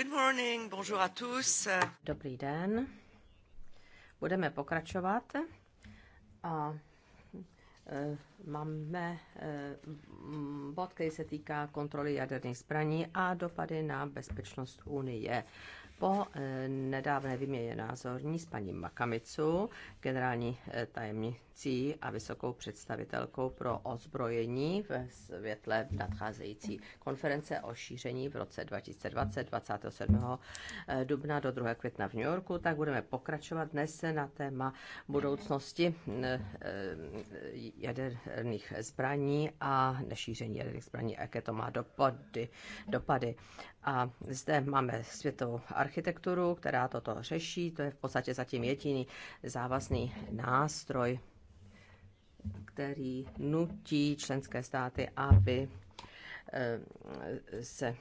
Good morning, bonjour à tous. Dobrý den. Budeme pokračovat. A e, máme e, bod, který se týká kontroly jaderných zbraní a dopady na bezpečnost Unie. Po e, nedávné výměně názorní s paní Makamicu, generální tajemní misí a vysokou představitelkou pro ozbrojení ve světle nadcházející konference o šíření v roce 2020 27. dubna do 2. května v New Yorku, tak budeme pokračovat dnes na téma budoucnosti eh, eh, jaderných zbraní a nešíření jaderných zbraní, jaké to má dopady. dopady. A zde máme světovou architekturu, která toto řeší. To je v podstatě zatím jediný závazný nástroj který nutí členské státy, aby eh, se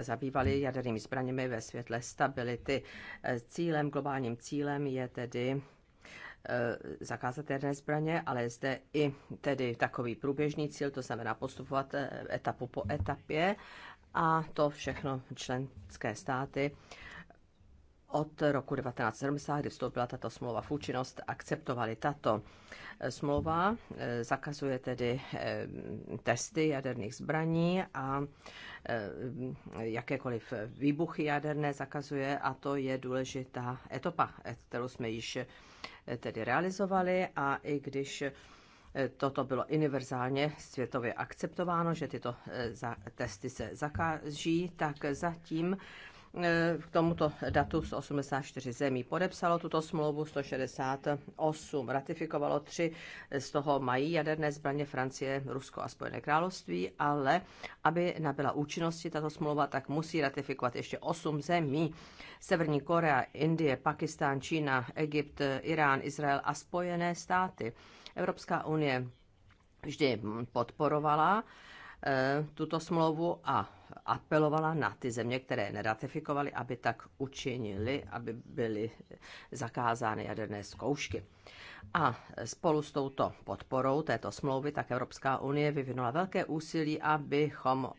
zabývali jadernými zbraněmi ve světle stability. Eh, cílem, globálním cílem je tedy eh, zakázat jedné zbraně, ale je zde i tedy takový průběžný cíl, to znamená postupovat etapu po etapě a to všechno členské státy od roku 1970, kdy vstoupila tato smlouva v účinnost, akceptovali tato smlouva. Eh, zakazuje tedy eh, testy jaderných zbraní a eh, jakékoliv výbuchy jaderné zakazuje a to je důležitá etapa, kterou jsme již tedy realizovali a i když Toto bylo univerzálně světově akceptováno, že tyto testy se zakáží, tak zatím Eh, k tomuto datu 184 84 zemí podepsalo tuto smlouvu, 168 ratifikovalo, tři z toho mají jaderné zbraně Francie, Rusko a Spojené království, ale aby nabyla účinnosti tato smlouva, tak musí ratifikovat ještě 8 zemí. Severní Korea, Indie, Pakistán, Čína, Egypt, Irán, Izrael a Spojené státy. Evropská unie vždy podporovala Eh, tuto smlouvu a apelovala na ty země, které neratifikovaly, aby tak učinili, aby byly zakázány jaderné zkoušky. A spolu s touto podporou této smlouvy tak Evropská unie vyvinula velké úsilí, abychom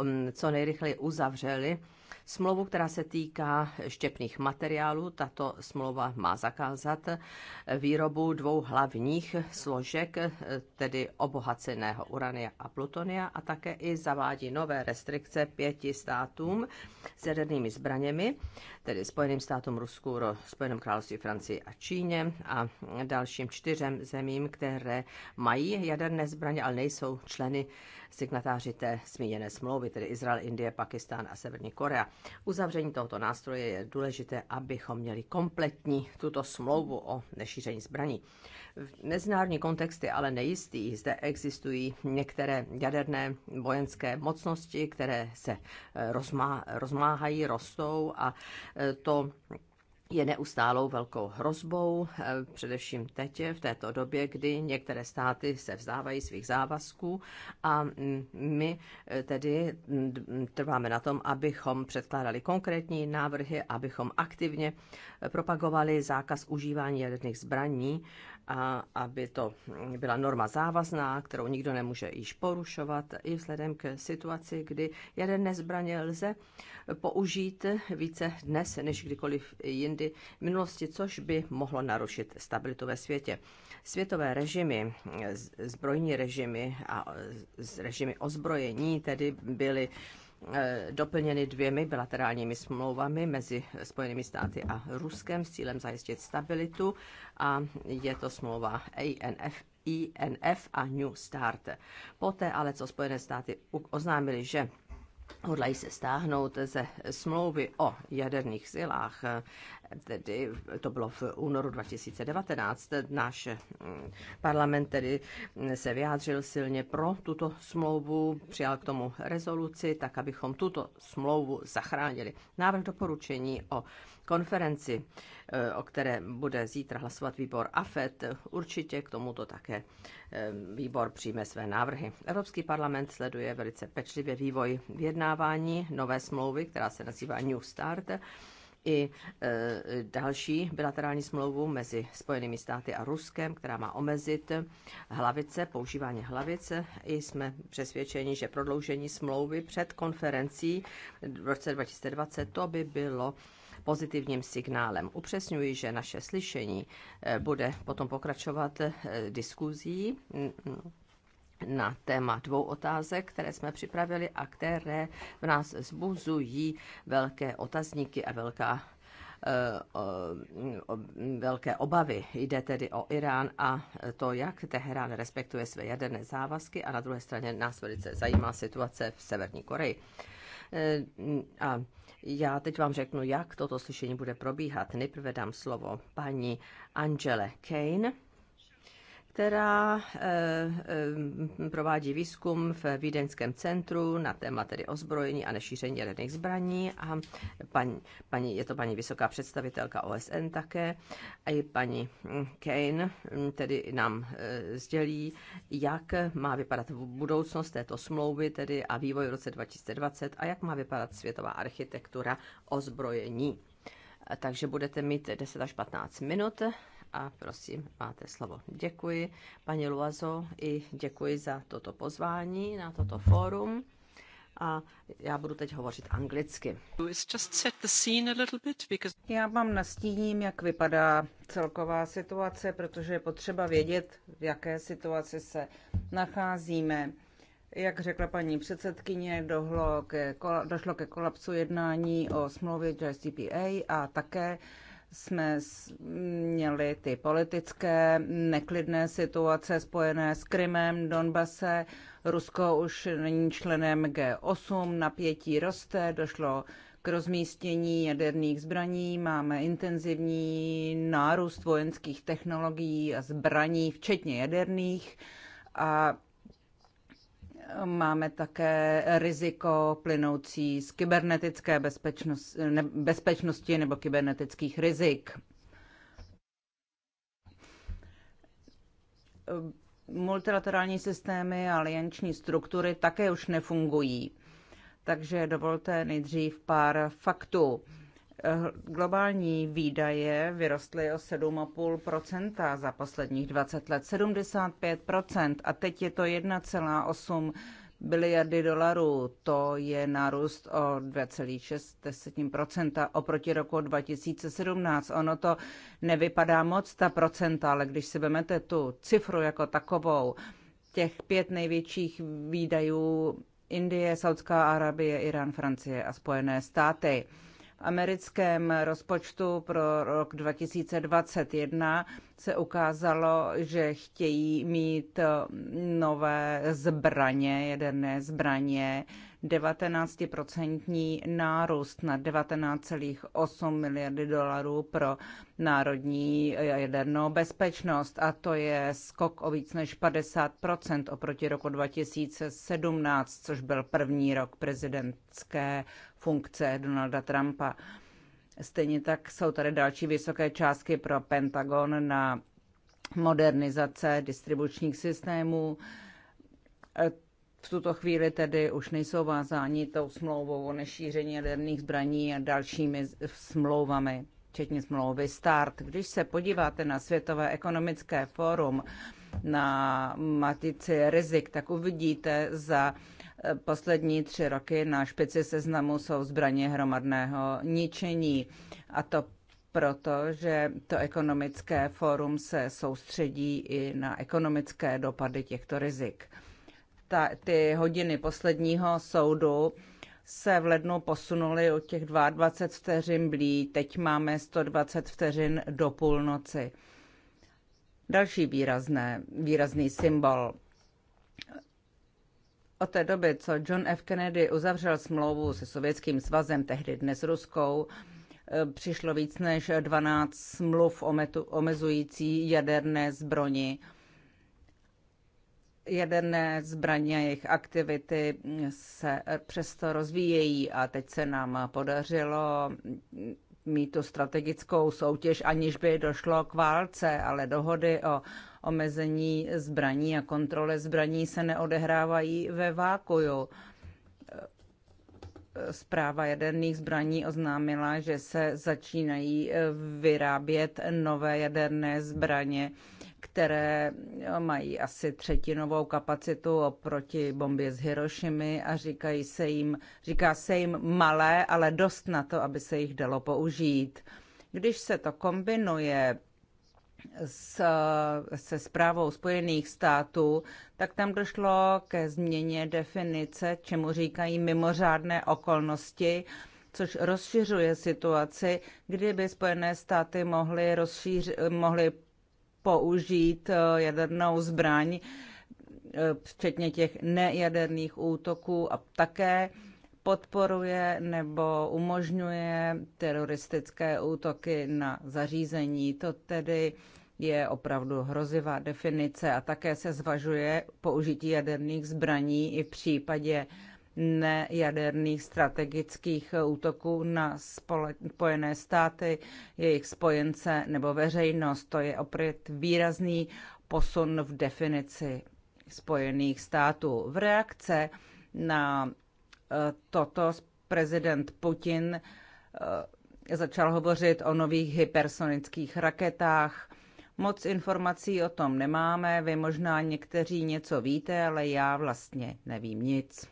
mm, co nejrychleji uzavřeli smlouvu, která se týká štěpných materiálů. Tato smlouva má zakázat výrobu dvou hlavních složek, tedy obohaceného urania a plutonia, a také i zavádí nové restrikce pěti státům s jadernými zbraněmi, tedy Spojeným státům Rusku, Spojeném království Francii a Číně a dalším čtyřem zemím, které mají jaderné zbraně, ale nejsou členy signatáři té zmíněné smlouvy, tedy Izrael, Indie, Pakistán a Severní Korea února. Uzavření tohoto nástroje je důležité, abychom měli kompletní tuto smlouvu o nešíření zbraní. V mezinárodní kontext je ale nejistý. Zde existují některé jaderné vojenské mocnosti, které se eh, rozmá, rozmáhají, rostou a eh, to je neustálou velkou hrozbou, eh, především teď, eh, v této době, kdy některé státy se vzdávají svých závazků a mm, my eh, tedy mm, mm, trváme na tom, abychom předkládali konkrétní návrhy, abychom aktivně propagovali zákaz užívání jaderných zbraní a aby to byla norma závazná, kterou nikdo nemůže již porušovat, i vzhledem k situaci, kdy jaderné zbraně lze použít více dnes než kdykoliv jindy v minulosti, což by mohlo narušit stabilitu ve světě. Světové režimy, zbrojní režimy a režimy ozbrojení tedy byly E, doplněny dvěmi bilaterálními smlouvami mezi Spojenými státy a Ruskem s cílem zajistit stabilitu a je to smlouva ANF INF a New Start. Poté ale, co Spojené státy oznámili, že hodlají se stáhnout ze smlouvy o jaderných silách tedy to bylo v únoru 2019, náš mm, parlament tedy se vyjádřil silně pro tuto smlouvu, přijal k tomu rezoluci, tak abychom tuto smlouvu zachránili. Návrh doporučení o konferenci, eh, o které bude zítra hlasovat výbor AFET, určitě k tomuto také eh, výbor přijme své návrhy. Evropský parlament sleduje velice pečlivě vývoj vyjednávání nové smlouvy, která se nazývá New Start, i e, další bilaterální smlouvu mezi Spojenými státy a Ruskem, která má omezit hlavice, používání hlavice. I jsme přesvědčeni, že prodloužení smlouvy před konferencí v roce 2020 to by bylo pozitivním signálem. Upřesňuji, že naše slyšení e, bude potom pokračovat e, diskuzí mm, mm na téma dvou otázek, které jsme připravili a které v nás zbuzují velké otazníky a velká eh, mm, velké obavy. Jde tedy o Irán a to, jak Teherán respektuje své jaderné závazky a na druhé straně nás velice zajímá situace v Severní Koreji. Eh, a já teď vám řeknu, jak toto slyšení bude probíhat. Nejprve dám slovo paní Angele Kane, která eh, eh, provádí výzkum v Vídeňském centru na téma tedy ozbrojení a nešíření jaderných zbraní a paní, paní, je to paní vysoká představitelka OSN také a i paní hm, Kane hm, tedy nám eh, sdělí, jak má vypadat budoucnost této smlouvy tedy a vývoj v roce 2020 a jak má vypadat světová architektura ozbrojení. Takže budete mít 10 až 15 minut a prosím, máte slovo. Děkuji, paní Luazo, i děkuji za toto pozvání na toto fórum a já budu teď hovořit anglicky. Já vám nastíním, jak vypadá celková situace, protože je potřeba vědět, v jaké situaci se nacházíme. Jak řekla paní předsedkyně, došlo ke, došlo ke kolapsu jednání o smlouvě JCPA a také jsme měli ty politické neklidné situace spojené s Krymem, Donbase. Rusko už není členem G8, napětí roste, došlo k rozmístění jaderných zbraní, máme intenzivní nárůst vojenských technologií a zbraní, včetně jaderných. A Máme také riziko plynoucí z kybernetické bezpečnosti, ne, bezpečnosti nebo kybernetických rizik. Multilaterální systémy a alianční struktury také už nefungují. Takže dovolte nejdřív pár faktů. Eh, globální výdaje vyrostly o 7,5 za posledních 20 let, 75 a teď je to 1,8 biliardy dolarů. To je nárůst o 2,6 oproti roku 2017. Ono to nevypadá moc, ta procenta, ale když si vezmete tu cifru jako takovou, těch pět největších výdajů Indie, Saudská Arabie, Irán, Francie a Spojené státy americkém rozpočtu pro rok 2021 se ukázalo, že chtějí mít eh, nové zbraně, jaderné zbraně, 19% nárůst na 19,8 miliardy dolarů pro národní eh, jadernou bezpečnost a to je skok o víc než 50% oproti roku 2017, což byl první rok prezidentské funkce Donalda Trumpa. Stejně tak jsou tady další vysoké částky pro Pentagon na modernizace distribučních systémů. V tuto chvíli tedy už nejsou vázáni tou smlouvou o nešíření jaderných zbraní a dalšími smlouvami, včetně smlouvy START. Když se podíváte na Světové ekonomické fórum, na matici rizik, tak uvidíte za Poslední tři roky na špici seznamu jsou zbraně hromadného ničení. A to proto, že to ekonomické fórum se soustředí i na ekonomické dopady těchto rizik. Ta, ty hodiny posledního soudu se v lednu posunuly od těch 22 vteřin blí, teď máme 120 vteřin do půlnoci. Další výrazné, výrazný symbol od té doby, co John F. Kennedy uzavřel smlouvu se Sovětským svazem, tehdy dnes Ruskou, eh, přišlo víc než 12 smluv omezující jaderné zbroni. Jaderné zbraně a jejich aktivity se přesto rozvíjejí a teď se nám podařilo mít tu strategickou soutěž, aniž by došlo k válce, ale dohody o omezení zbraní a kontrole zbraní se neodehrávají ve vákuju. Zpráva jaderných zbraní oznámila, že se začínají vyrábět nové jaderné zbraně, které mají asi třetinovou kapacitu oproti bombě z Hirošimy a říkají se jim, říká se jim malé, ale dost na to, aby se jich dalo použít. Když se to kombinuje s, se zprávou Spojených států, tak tam došlo ke změně definice, čemu říkají mimořádné okolnosti, což rozšiřuje situaci, kdyby Spojené státy mohly, rozšíř, mohly použít eh, jadernou zbraň, eh, včetně těch nejaderných útoků a také podporuje nebo umožňuje teroristické útoky na zařízení. To tedy je opravdu hrozivá definice a také se zvažuje použití jaderných zbraní i v případě nejaderných strategických útoků na Spojené státy, jejich spojence nebo veřejnost. To je opět výrazný posun v definici Spojených států. V reakce na toto prezident Putin eh, začal hovořit o nových hypersonických raketách. Moc informací o tom nemáme, vy možná někteří něco víte, ale já vlastně nevím nic.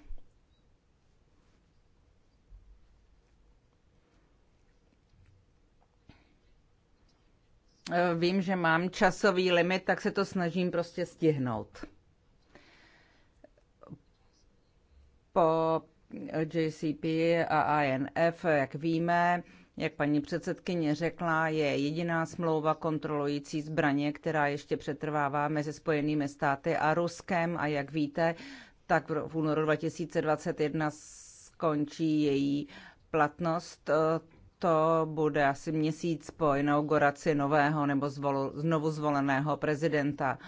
Eh, vím, že mám časový limit, tak se to snažím prostě stihnout. Po JCP a INF, jak víme, jak paní předsedkyně řekla, je jediná smlouva kontrolující zbraně, která ještě přetrvává mezi Spojenými státy a Ruskem a jak víte, tak v únoru 2021 skončí její platnost. To bude asi měsíc po inauguraci nového nebo zvolu, znovu zvoleného prezidenta.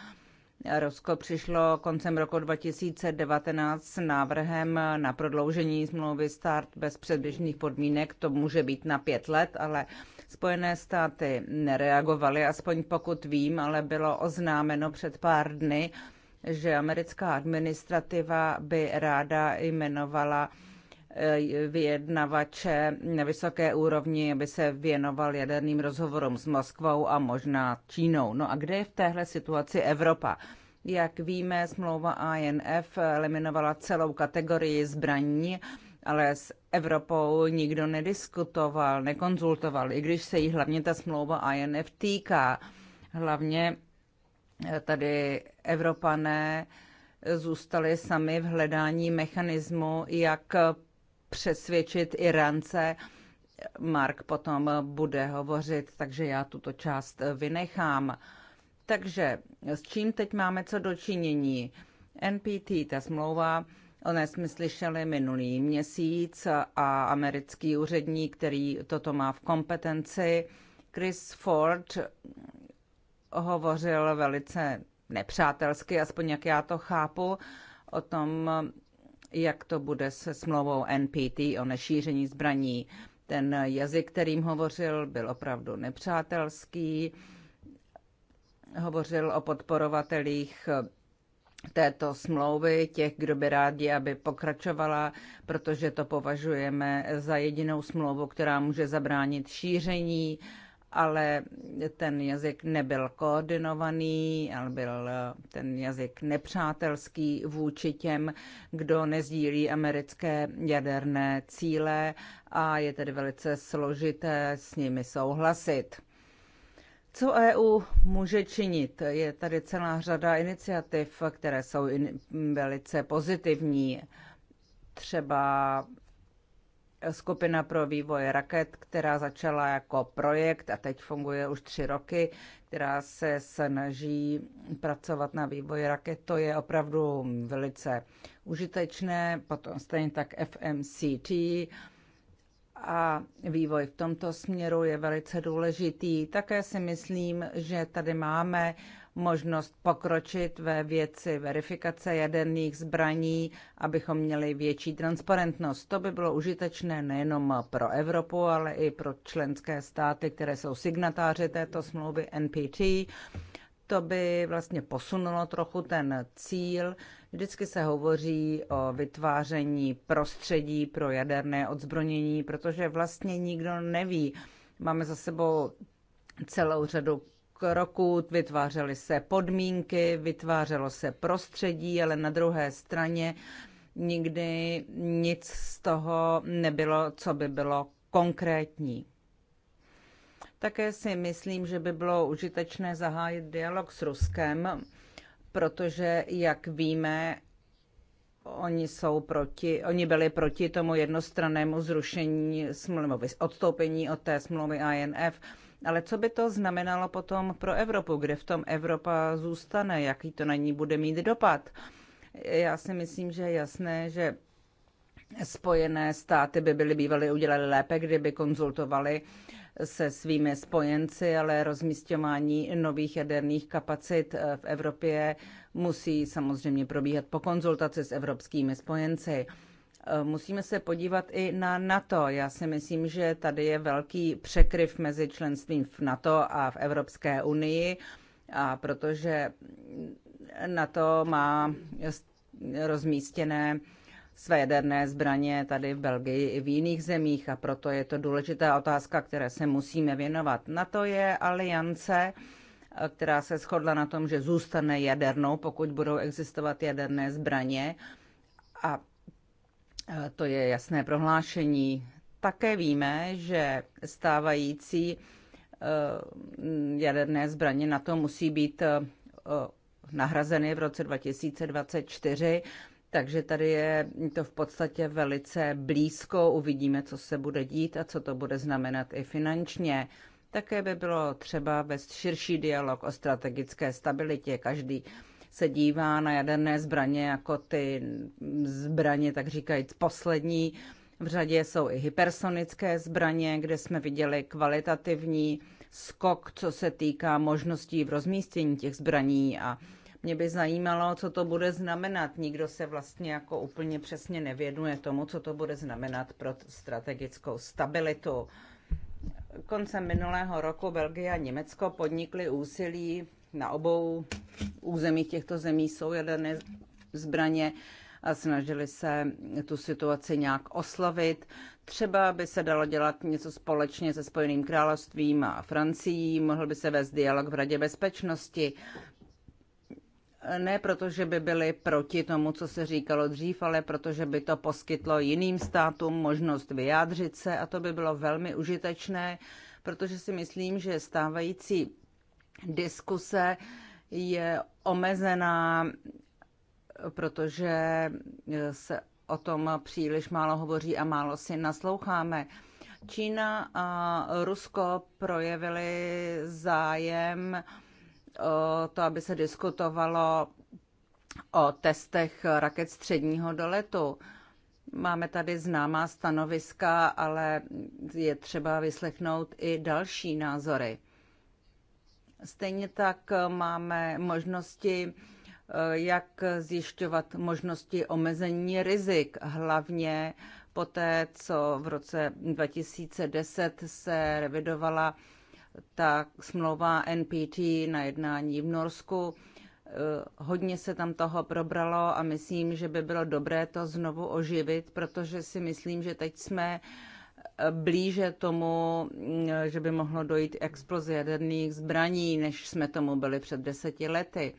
Rusko přišlo koncem roku 2019 s návrhem na prodloužení smlouvy start bez předběžných podmínek. To může být na pět let, ale Spojené státy nereagovaly, aspoň pokud vím, ale bylo oznámeno před pár dny, že americká administrativa by ráda jmenovala vyjednavače na vysoké úrovni, aby se věnoval jaderným rozhovorům s Moskvou a možná Čínou. No a kde je v téhle situaci Evropa? Jak víme, smlouva INF eliminovala celou kategorii zbraní, ale s Evropou nikdo nediskutoval, nekonzultoval, i když se jí hlavně ta smlouva INF týká. Hlavně eh, tady Evropané zůstali sami v hledání mechanismu, jak přesvědčit Irance. Mark potom bude hovořit, takže já tuto část vynechám. Takže s čím teď máme co dočinění? NPT, ta smlouva, o ní jsme slyšeli minulý měsíc a americký úředník, který toto má v kompetenci, Chris Ford, hovořil velice nepřátelsky, aspoň jak já to chápu, o tom, jak to bude se smlouvou NPT o nešíření zbraní. Ten jazyk, kterým hovořil, byl opravdu nepřátelský. Hovořil o podporovatelích této smlouvy, těch, kdo by rádi, aby pokračovala, protože to považujeme za jedinou smlouvu, která může zabránit šíření uh, ale ten jazyk nebyl koordinovaný, ale byl eh, ten jazyk nepřátelský vůči těm, kdo nezdílí americké jaderné cíle a je tedy velice složité s nimi souhlasit. Co EU může činit? Je tady celá řada iniciativ, které jsou in, velice pozitivní. Třeba skupina pro vývoj raket, která začala jako projekt a teď funguje už tři roky, která se snaží pracovat na vývoji raket. To je opravdu velice užitečné. Potom stejně tak FMCT a vývoj v tomto směru je velice důležitý. Také si myslím, že tady máme možnost pokročit ve věci verifikace jaderných zbraní, abychom měli větší transparentnost. To by bylo užitečné nejenom pro Evropu, ale i pro členské státy, které jsou signatáři této smlouvy NPT. To by vlastně posunulo trochu ten cíl. Vždycky se hovoří o vytváření prostředí pro jaderné odzbronění, protože vlastně nikdo neví. Máme za sebou celou řadu roku, vytvářely se podmínky, vytvářelo se prostředí, ale na druhé straně nikdy nic z toho nebylo, co by bylo konkrétní. Také si myslím, že by bylo užitečné zahájit dialog s Ruskem, protože, jak víme, oni, jsou proti, oni byli proti tomu jednostrannému zrušení smlouvy, odstoupení od té smlouvy INF ale co by to znamenalo potom pro Evropu? Kde v tom Evropa zůstane? Jaký to na ní bude mít dopad? Já si myslím, že je jasné, že Spojené státy by byly bývaly udělali lépe, kdyby konzultovali se svými spojenci, ale rozmístěvání nových jaderných kapacit eh, v Evropě musí samozřejmě probíhat po konzultaci s evropskými spojenci. Eh, musíme se podívat i na NATO. Já si myslím, že tady je velký překryv mezi členstvím v NATO a v Evropské unii, a protože NATO má rozmístěné své jaderné zbraně tady v Belgii i v jiných zemích a proto je to důležitá otázka, které se musíme věnovat. Na to je aliance, eh, která se shodla na tom, že zůstane jadernou, pokud budou existovat jaderné zbraně a to je jasné prohlášení. Také víme, že stávající eh, jaderné zbraně na to musí být eh, nahrazeny v roce 2024, takže tady je to v podstatě velice blízko. Uvidíme, co se bude dít a co to bude znamenat i finančně. Také by bylo třeba vést širší dialog o strategické stabilitě. Každý se dívá na jaderné zbraně jako ty zbraně, tak říkajíc, poslední. V řadě jsou i hypersonické zbraně, kde jsme viděli kvalitativní skok, co se týká možností v rozmístění těch zbraní a mě by zajímalo, co to bude znamenat. Nikdo se vlastně jako úplně přesně nevěnuje tomu, co to bude znamenat pro strategickou stabilitu. Koncem minulého roku Belgie a Německo podnikly úsilí na obou území těchto zemí jsou jaderné zbraně a snažili se tu situaci nějak oslavit. Třeba by se dalo dělat něco společně se Spojeným královstvím a Francií, mohl by se vést dialog v Radě bezpečnosti. Ne proto, že by byli proti tomu, co se říkalo dřív, ale protože by to poskytlo jiným státům možnost vyjádřit se a to by bylo velmi užitečné, protože si myslím, že stávající diskuse je omezená, protože se o tom příliš málo hovoří a málo si nasloucháme. Čína a Rusko projevili zájem o to, aby se diskutovalo o testech raket středního doletu. Máme tady známá stanoviska, ale je třeba vyslechnout i další názory. Stejně tak eh, máme možnosti, eh, jak zjišťovat možnosti omezení rizik, hlavně poté, co v roce 2010 se revidovala ta smlouva NPT na jednání v Norsku. Eh, hodně se tam toho probralo a myslím, že by bylo dobré to znovu oživit, protože si myslím, že teď jsme blíže tomu, mm, že by mohlo dojít k explozi jaderných zbraní, než jsme tomu byli před deseti lety.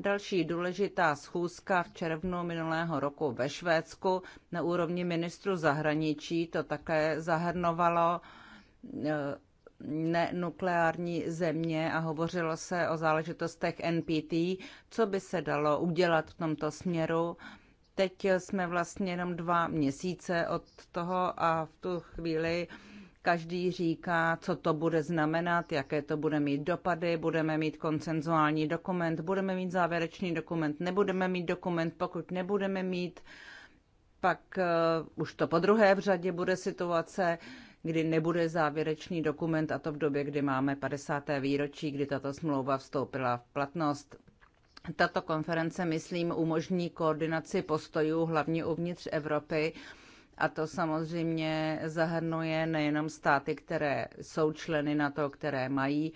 Další důležitá schůzka v červnu minulého roku ve Švédsku na úrovni ministru zahraničí to také zahrnovalo e, nenukleární země a hovořilo se o záležitostech NPT, co by se dalo udělat v tomto směru Teď jsme vlastně jenom dva měsíce od toho a v tu chvíli každý říká, co to bude znamenat, jaké to bude mít dopady, budeme mít koncenzuální dokument, budeme mít závěrečný dokument, nebudeme mít dokument, pokud nebudeme mít, pak uh, už to po druhé v řadě bude situace, kdy nebude závěrečný dokument a to v době, kdy máme 50. výročí, kdy tato smlouva vstoupila v platnost. Tato konference, myslím, umožní koordinaci postojů hlavně uvnitř Evropy a to samozřejmě zahrnuje nejenom státy, které jsou členy na to, které mají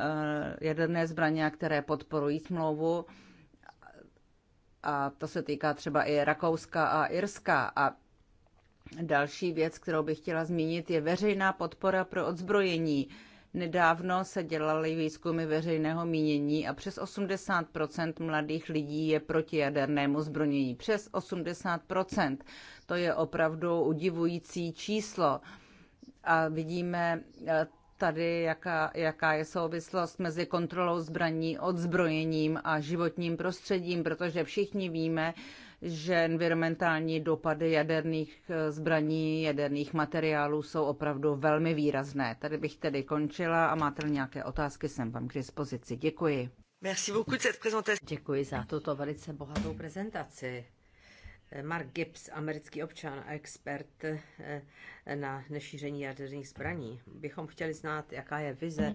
eh, jaderné zbraně, které podporují smlouvu. A to se týká třeba i Rakouska a Irska. A další věc, kterou bych chtěla zmínit, je veřejná podpora pro odzbrojení. Nedávno se dělaly výzkumy veřejného mínění a přes 80 mladých lidí je proti jadernému zbrojení. Přes 80 To je opravdu udivující číslo. A vidíme eh, tady, jaká, jaká je souvislost mezi kontrolou zbraní, odzbrojením a životním prostředím, protože všichni víme, že environmentální dopady jaderných eh, zbraní, jaderných materiálů jsou opravdu velmi výrazné. Tady bych tedy končila a máte nějaké otázky, jsem vám k dispozici. Děkuji. Merci beaucoup cette présentation. Děkuji za tuto velice bohatou prezentaci. Eh, Mark Gibbs, americký občan a expert eh, na nešíření jaderných zbraní. Bychom chtěli znát, jaká je vize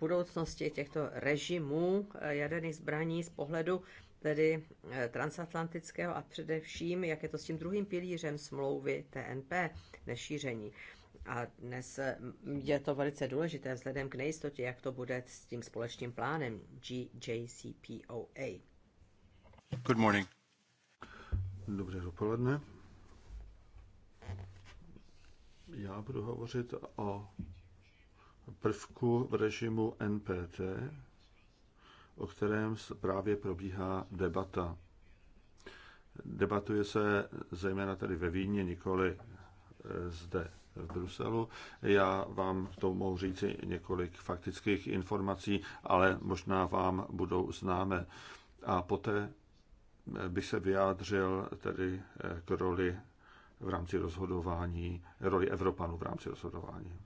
budoucnosti těchto režimů jaderných zbraní z pohledu tedy eh, transatlantického a především, jak je to s tím druhým pilířem smlouvy TNP, nešíření. A dnes mm, je to velice důležité vzhledem k nejistotě, jak to bude s tím společným plánem GJCPOA. Good morning. Dobré dopoledne. Já budu hovořit o prvku v režimu NPT, o kterém právě probíhá debata. Debatuje se zejména tady ve Víně, nikoli e, zde v Bruselu. Já vám k tomu mohu říci několik faktických informací, ale možná vám budou známe. A poté e, bych se vyjádřil tedy e, k roli v rámci rozhodování, roli Evropanů v rámci rozhodování.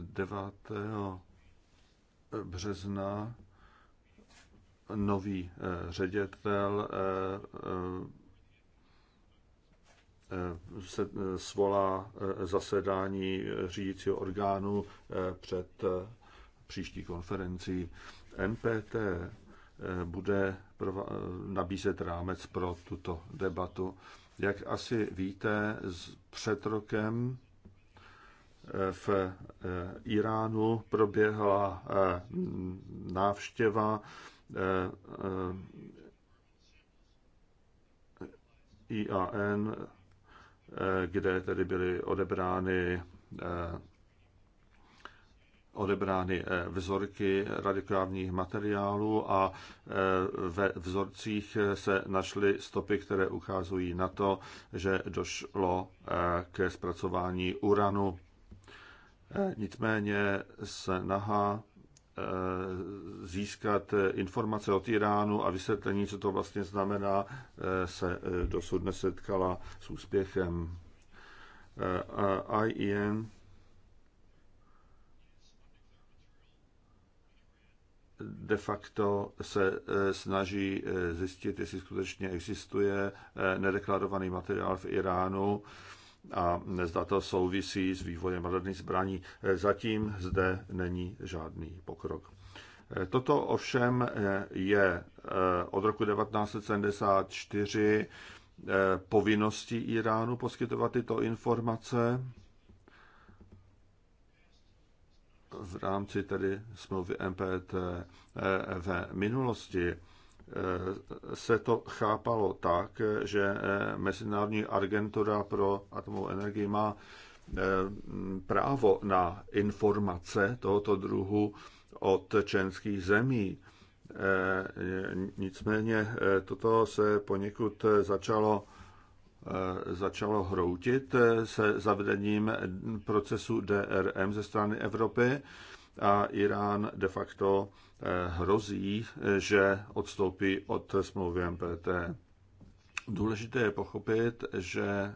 9 března nový eh, ředitel eh, eh, se svolá zasedání řídícího orgánu před příští konferencí. NPT bude nabízet rámec pro tuto debatu. Jak asi víte, před rokem v eh, Iránu proběhla eh, návštěva eh, IAN, kde tedy byly odebrány odebrány vzorky radikálních materiálů a ve vzorcích se našly stopy, které ukazují na to, že došlo ke zpracování uranu E, nicméně snaha e, získat informace od Iránu a vysvětlení, co to vlastně znamená, e, se dosud nesetkala s úspěchem. IEN de facto se snaží zjistit, jestli skutečně existuje nedeklarovaný materiál v Iránu a zda to souvisí s vývojem radarných zbraní. Eh, zatím zde není žádný pokrok. Eh, toto ovšem eh, je od roku 1974 povinností Iránu poskytovat tyto informace v rámci tedy smlouvy MPT e v minulosti se to chápalo tak, že eh, Mezinárodní agentura pro atomovou energii má eh, právo na informace tohoto druhu od členských zemí. Eh, nicméně toto se poněkud začalo, začalo hroutit se zavedením procesu DRM ze strany Evropy a Irán de facto hrozí, že odstoupí od smlouvy MPT. Důležité je pochopit, že e,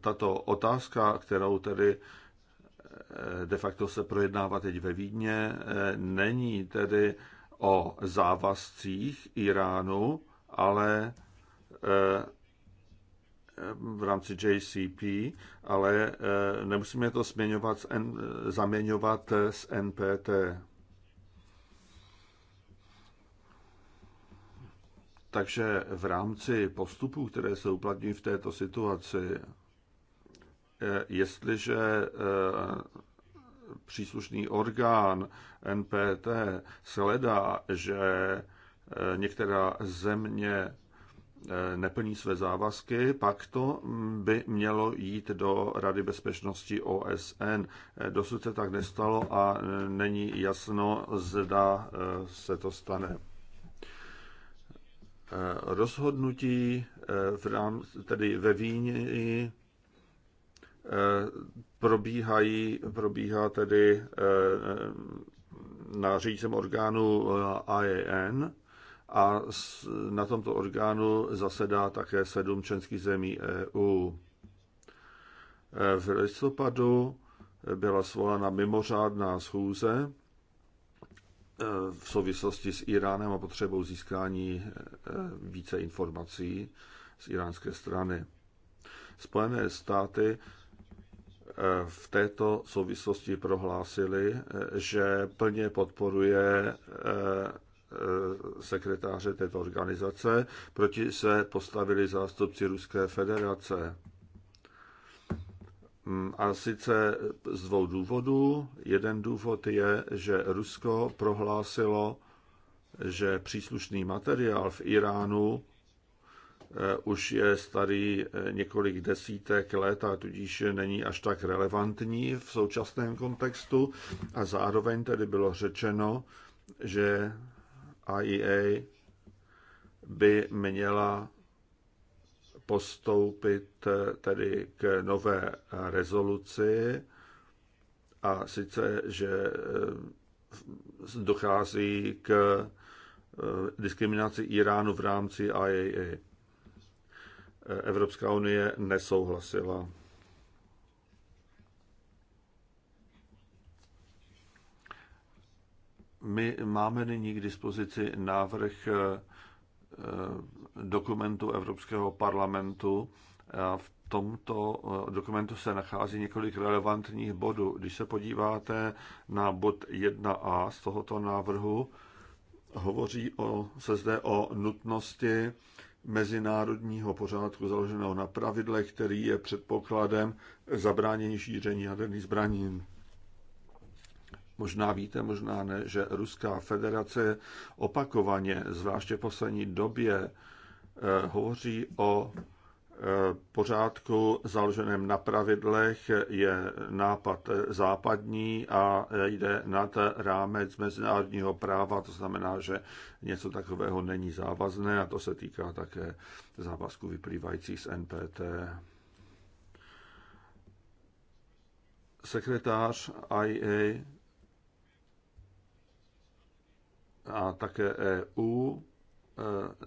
tato otázka, kterou tedy e, de facto se projednává teď ve Vídně, e, není tedy o závazcích Iránu, ale v rámci JCP, ale eh, nemusíme to směňovat, zaměňovat eh, s NPT. Takže v rámci postupů, které se uplatní v této situaci, eh, jestliže příslušný orgán NPT sledá, že některá země E, neplní své závazky, pak to mm, by mělo jít do Rady bezpečnosti OSN. E, dosud se tak nestalo a e, není jasno, zda se to stane. Rozhodnutí v rám, tedy ve Víně probíhají, probíhá tedy řídícím orgánu IAN, a na tomto orgánu zasedá také sedm členských zemí EU. E, v listopadu byla svolána mimořádná schůze e, v souvislosti s Iránem a potřebou získání e, více informací z iránské strany. Spojené státy v této souvislosti prohlásili, že plně podporuje Eh, sekretáře této organizace. Proti se postavili zástupci Ruské federace. Mm, a sice z dvou důvodů. Jeden důvod je, že Rusko prohlásilo, že příslušný materiál v Iránu eh, už je starý eh, několik desítek let a tudíž není až tak relevantní v současném kontextu. A zároveň tedy bylo řečeno, že IEA by měla postoupit eh, tedy k nové rezoluci a sice, že eh, dochází k eh, diskriminaci Iránu v rámci IAA. Evropská unie nesouhlasila. My máme nyní k dispozici návrh eh, eh, dokumentu Evropského parlamentu. V tomto eh, dokumentu se nachází několik relevantních bodů. Když se podíváte na bod 1a z tohoto návrhu, hovoří o, se zde o nutnosti mezinárodního pořádku založeného na pravidlech, který je předpokladem zabránění šíření jaderných zbraní. Možná víte, možná ne, že Ruská federace opakovaně, zvláště v poslední době, eh, hovoří o eh, pořádku založeném na pravidlech je nápad eh, západní a jde nad rámec mezinárodního práva, to znamená, že něco takového není závazné a to se týká také závazků vyplývajících z NPT. Sekretář IA a také EU e,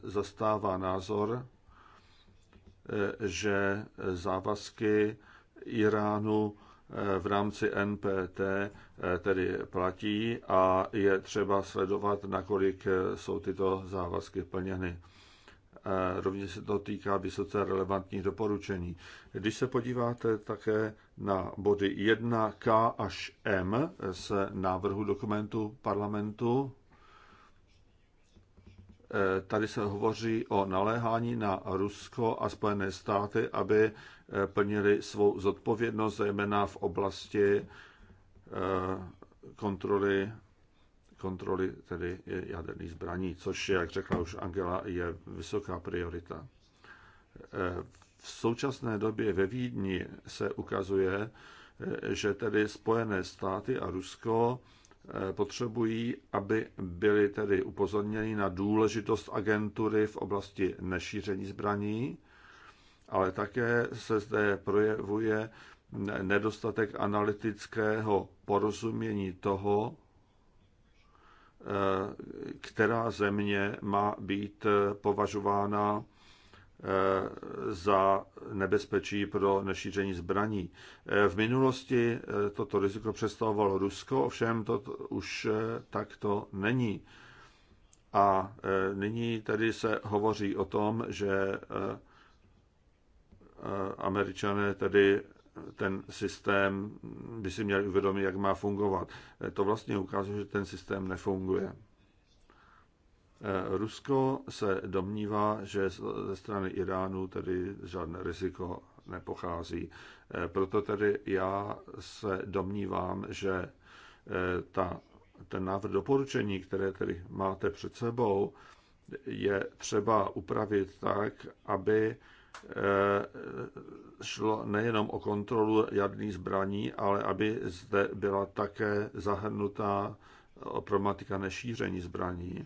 zastává názor, e, že závazky Iránu e, v rámci NPT tedy platí a je třeba sledovat, nakolik jsou tyto závazky plněny. Rovněž se to týká vysoce relevantních doporučení. Když se podíváte také na body 1K až M z návrhu dokumentu parlamentu, Eh, tady se hovoří o naléhání na Rusko a Spojené státy, aby eh, plnili svou zodpovědnost, zejména v oblasti eh, kontroly, kontroly tedy jaderných zbraní, což, jak řekla už Angela, je vysoká priorita. V současné době ve Vídni se ukazuje, že tedy Spojené státy a Rusko Eh, potřebují, aby byli tedy upozorněni na důležitost agentury v oblasti nešíření zbraní, ale také se zde projevuje nedostatek analytického porozumění toho, eh, která země má být eh, považována Eh, za nebezpečí pro nešíření zbraní. Eh, v minulosti eh, toto riziko představovalo Rusko, ovšem to už takto není. A nyní tedy se hovoří o tom, že američané tedy ten systém by si měli uvědomit, jak má fungovat. To vlastně ukazuje, že ten systém nefunguje. Eh, Rusko se domnívá, že ze strany Iránu tedy žádné riziko nepochází. Eh, proto tedy já se domnívám, že eh, ta, ten návrh doporučení, které tedy máte před sebou, je třeba upravit tak, aby šlo nejenom o kontrolu jadných zbraní, ale aby zde byla také zahrnutá problematika nešíření zbraní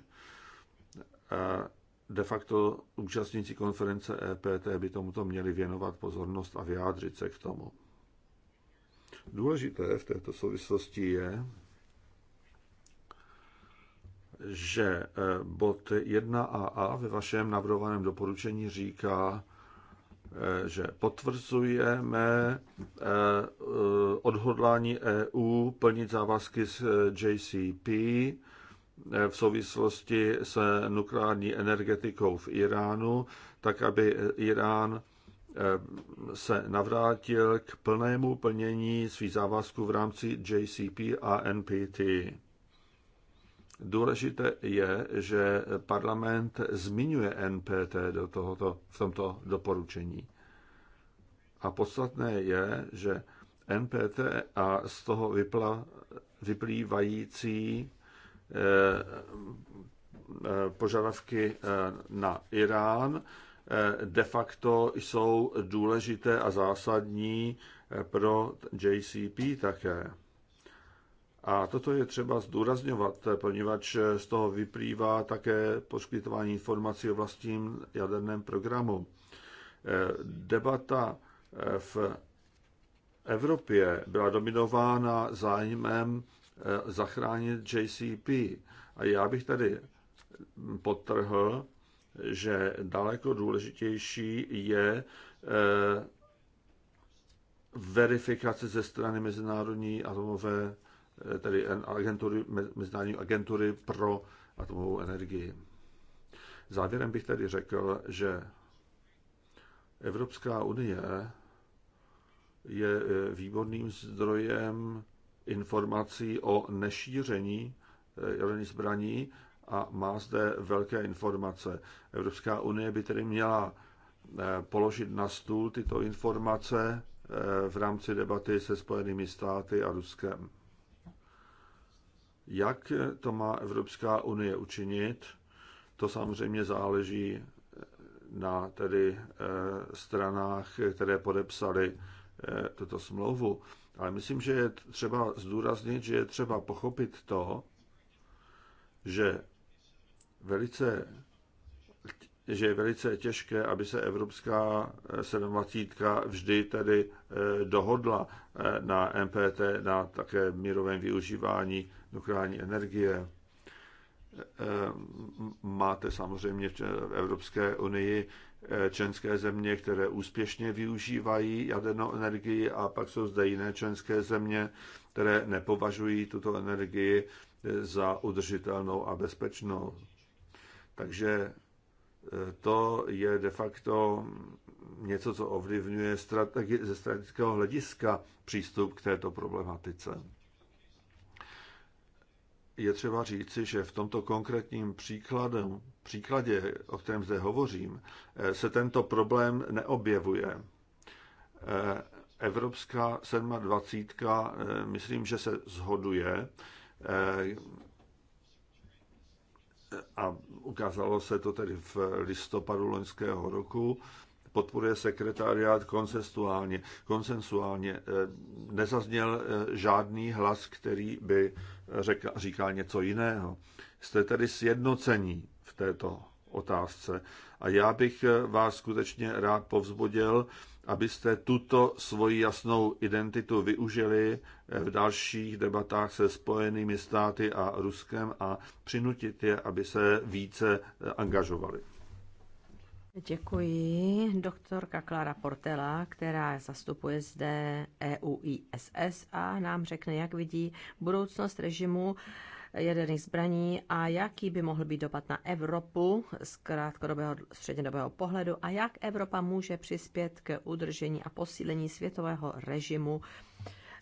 de facto účastníci konference EPT by tomuto měli věnovat pozornost a vyjádřit se k tomu. Důležité v této souvislosti je, že e, bod 1AA ve vašem navrhovaném doporučení říká, e, že potvrzujeme e, odhodlání EU plnit závazky z JCP Eh, v souvislosti s nukleární energetikou v Iránu, tak aby Irán eh, se navrátil k plnému plnění svých závazků v rámci JCP a NPT. Důležité je, že parlament zmiňuje NPT do tohoto, v tomto doporučení. A podstatné je, že NPT a z toho vypla, vyplývající Eh, požadavky eh, na Irán eh, de facto jsou důležité a zásadní pro JCP také. A toto je třeba zdůrazňovat, poněvadž z toho vyplývá také poskytování informací o vlastním jaderném programu. Debata v Evropě byla dominována zájmem Eh, zachránit JCP. A já bych tady potrhl, že daleko důležitější je eh, verifikace ze strany Mezinárodní atomové, eh, tedy agentury, Mezinárodní agentury pro atomovou energii. Závěrem bych tedy řekl, že Evropská unie je výborným zdrojem informací o nešíření eh, jaderných zbraní a má zde velké informace. Evropská unie by tedy měla eh, položit na stůl tyto informace eh, v rámci debaty se Spojenými státy a Ruskem. Jak to má Evropská unie učinit? To samozřejmě záleží na tedy stranách, které podepsaly tuto smlouvu. Ale myslím, že je třeba zdůraznit, že je třeba pochopit to, že velice že je velice těžké, aby se Evropská 27 vždy tedy eh, dohodla eh, na MPT, na také mírovém využívání nukleární energie. Eh, máte samozřejmě v Evropské unii Eh, členské země, které úspěšně využívají jadernou energii a pak jsou zde jiné členské země, které nepovažují tuto energii eh, za udržitelnou a bezpečnou. Takže eh, to je de facto něco, co ovlivňuje strategi- ze strategického hlediska přístup k této problematice je třeba říci, že v tomto konkrétním příkladu, příkladě, o kterém zde hovořím, eh, se tento problém neobjevuje. Eh, Evropská 27. Eh, myslím, že se zhoduje a ukázalo se to tedy v listopadu loňského roku, podporuje sekretariát konsensuálně. konsensuálně. Eh, nezazněl eh, žádný hlas, který by řekl, říkal něco jiného. Jste tedy sjednocení v této otázce. A já bych eh, vás skutečně rád povzbudil, abyste tuto svoji jasnou identitu využili v dalších debatách se Spojenými státy a Ruskem a přinutit je, aby se více angažovali. Děkuji doktorka Klara Portela, která zastupuje zde EUISS a nám řekne, jak vidí budoucnost režimu jaderných zbraní a jaký by mohl být dopad na Evropu z krátkodobého střednědobého pohledu a jak Evropa může přispět k udržení a posílení světového režimu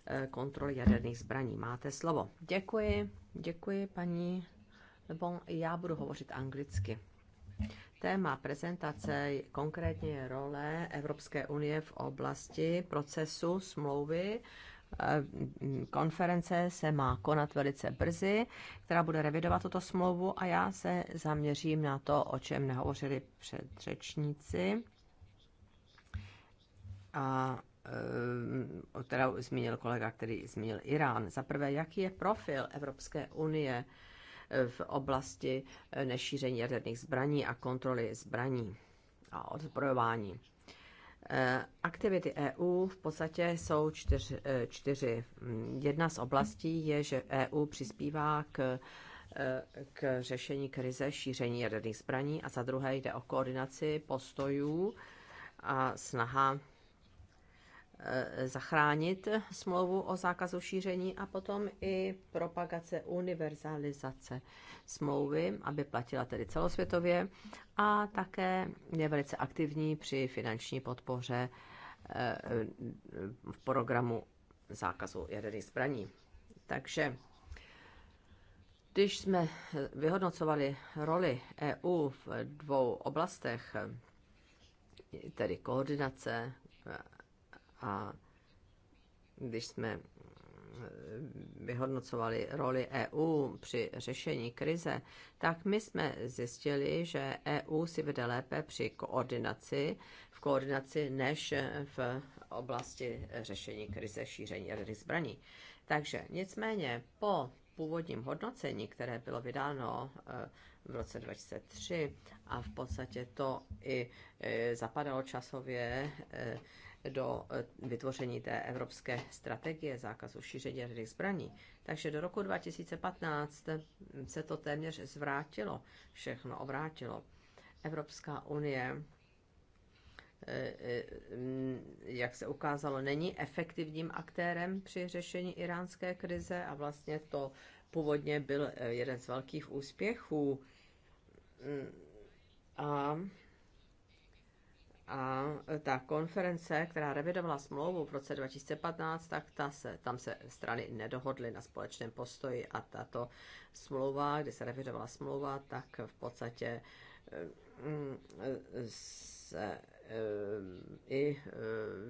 eh, kontroly jaderných zbraní. Máte slovo. Děkuji, děkuji paní. nebo já budu hovořit anglicky. Téma prezentace konkrétně je role Evropské unie v oblasti procesu smlouvy. E, konference se má konat velice brzy, která bude revidovat tuto smlouvu a já se zaměřím na to, o čem nehovořili předřečníci. A kterou e, zmínil kolega, který zmínil Irán. Za prvé, jaký je profil Evropské unie v oblasti eh, nešíření jaderných zbraní a kontroly zbraní a odzbrojování. Eh, aktivity EU v podstatě jsou čtyř, čtyři. Eh, mm, jedna z oblastí je, že EU přispívá k k řešení krize šíření jaderných zbraní a za druhé jde o koordinaci postojů a snaha Eh, zachránit smlouvu o zákazu šíření a potom i propagace univerzalizace smlouvy, aby platila tedy celosvětově a také je velice aktivní při finanční podpoře eh, v programu zákazu jaderných zbraní. Takže když jsme vyhodnocovali roli EU v dvou oblastech, tedy koordinace a když jsme vyhodnocovali roli EU při řešení krize, tak my jsme zjistili, že EU si vede lépe při koordinaci, v koordinaci než v oblasti řešení krize šíření jaderných zbraní. Takže nicméně po původním hodnocení, které bylo vydáno eh, v roce 2003 a v podstatě to i eh, zapadalo časově eh, do eh, vytvoření té evropské strategie zákazu šíření jaderných zbraní. Takže do roku 2015 se to téměř zvrátilo, všechno obrátilo. Evropská unie eh, eh, jak se ukázalo, není efektivním aktérem při řešení iránské krize a vlastně to původně byl jeden z velkých úspěchů. Mm, a a ta konference, která revidovala smlouvu v roce 2015, tak ta se, tam se strany nedohodly na společném postoji a tato smlouva, kdy se revidovala smlouva, tak v podstatě eh, mm, se eh, i eh,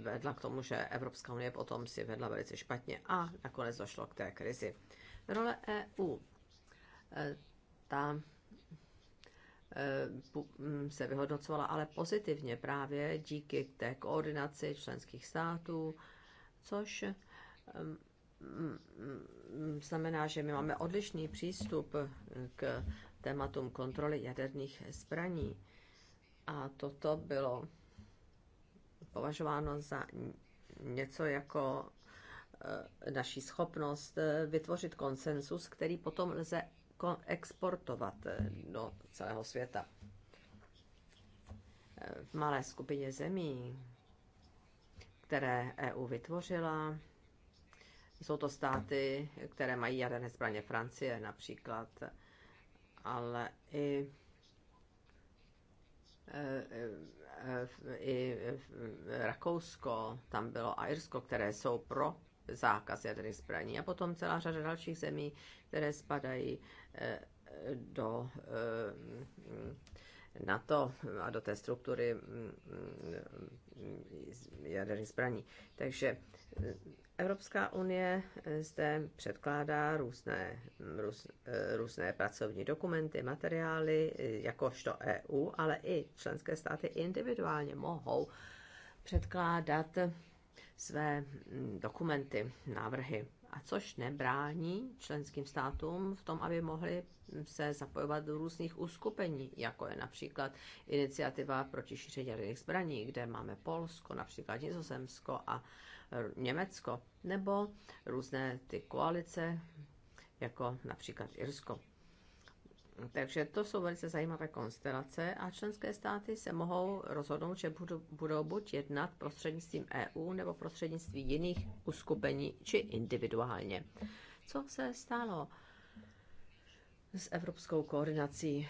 vedla k tomu, že Evropská unie potom si vedla velice špatně a nakonec došlo k té krizi. Role EU. Ta Eh, mm, se vyhodnocovala ale pozitivně právě díky té koordinaci členských států, což mm, mm, znamená, že my máme odlišný přístup k tématům kontroly jaderných zbraní. A toto bylo považováno za něco jako eh, naší schopnost eh, vytvořit konsensus, který potom lze exportovat eh, do celého světa. Eh, v malé skupině zemí, které EU vytvořila, jsou to státy, které mají jaderné zbraně Francie například, ale i eh, i Rakousko, tam bylo a Irsko, které jsou pro zákaz jaderných zbraní. A potom celá řada dalších zemí, které spadají eh, do eh, NATO a do té struktury mm, mm, mm, jaderných zbraní. Takže eh, Evropská unie zde předkládá různé, růz, různé pracovní dokumenty, materiály, jakožto EU, ale i členské státy individuálně mohou předkládat své mm, dokumenty, návrhy, a což nebrání členským státům v tom, aby mohli se zapojovat do různých uskupení, jako je například iniciativa proti šíření jaderných zbraní, kde máme Polsko, například Nizozemsko a eh, Německo, nebo různé ty koalice, jako například Irsko. Takže to jsou velice zajímavé konstelace a členské státy se mohou rozhodnout, že budou, budou buď jednat prostřednictvím EU nebo prostřednictvím jiných uskupení či individuálně. Co se stalo s evropskou koordinací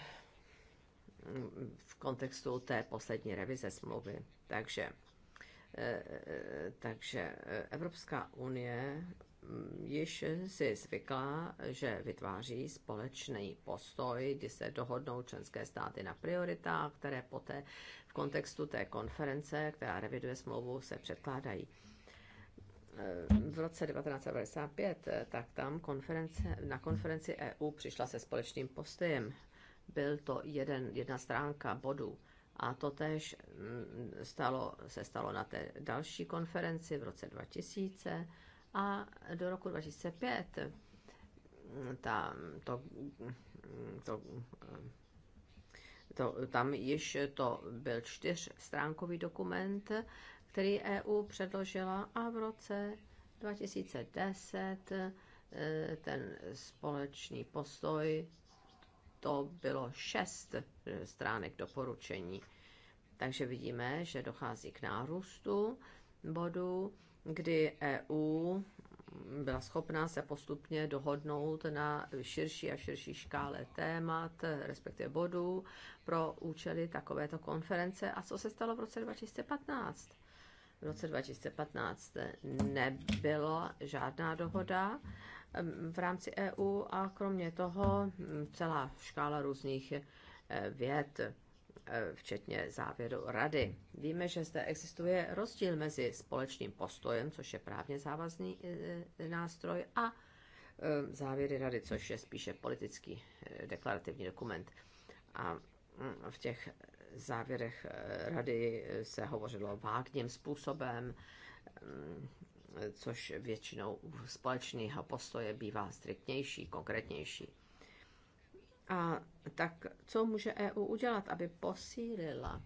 v kontextu té poslední revize smlouvy? Takže eh, eh, takže Evropská unie již si zvykla, že vytváří společný postoj, kdy se dohodnou členské státy na prioritách, které poté v kontextu té konference, která reviduje smlouvu, se předkládají. V roce 1995, tak tam konference, na konferenci EU přišla se společným postojem. Byl to jeden, jedna stránka bodů. A to tež mm, stalo, se stalo na té další konferenci v roce 2000, a do roku 2005 ta, to, to, to, tam již to byl čtyřstránkový dokument, který EU předložila a v roce 2010 eh, ten společný postoj, to bylo šest stránek doporučení. Takže vidíme, že dochází k nárůstu bodů kdy EU byla schopná se postupně dohodnout na širší a širší škále témat, respektive bodů pro účely takovéto konference. A co se stalo v roce 2015? V roce 2015 nebyla žádná dohoda v rámci EU a kromě toho celá škála různých e, věd Eh, včetně závěru rady. Víme, že zde existuje rozdíl mezi společným postojem, což je právně závazný eh, nástroj, a eh, závěry rady, což je spíše politický deklarativní dokument. A mm, v těch závěrech rady se hovořilo vágním způsobem, mm, což většinou společného postoje bývá striktnější, konkrétnější. A tak co může EU udělat, aby posílila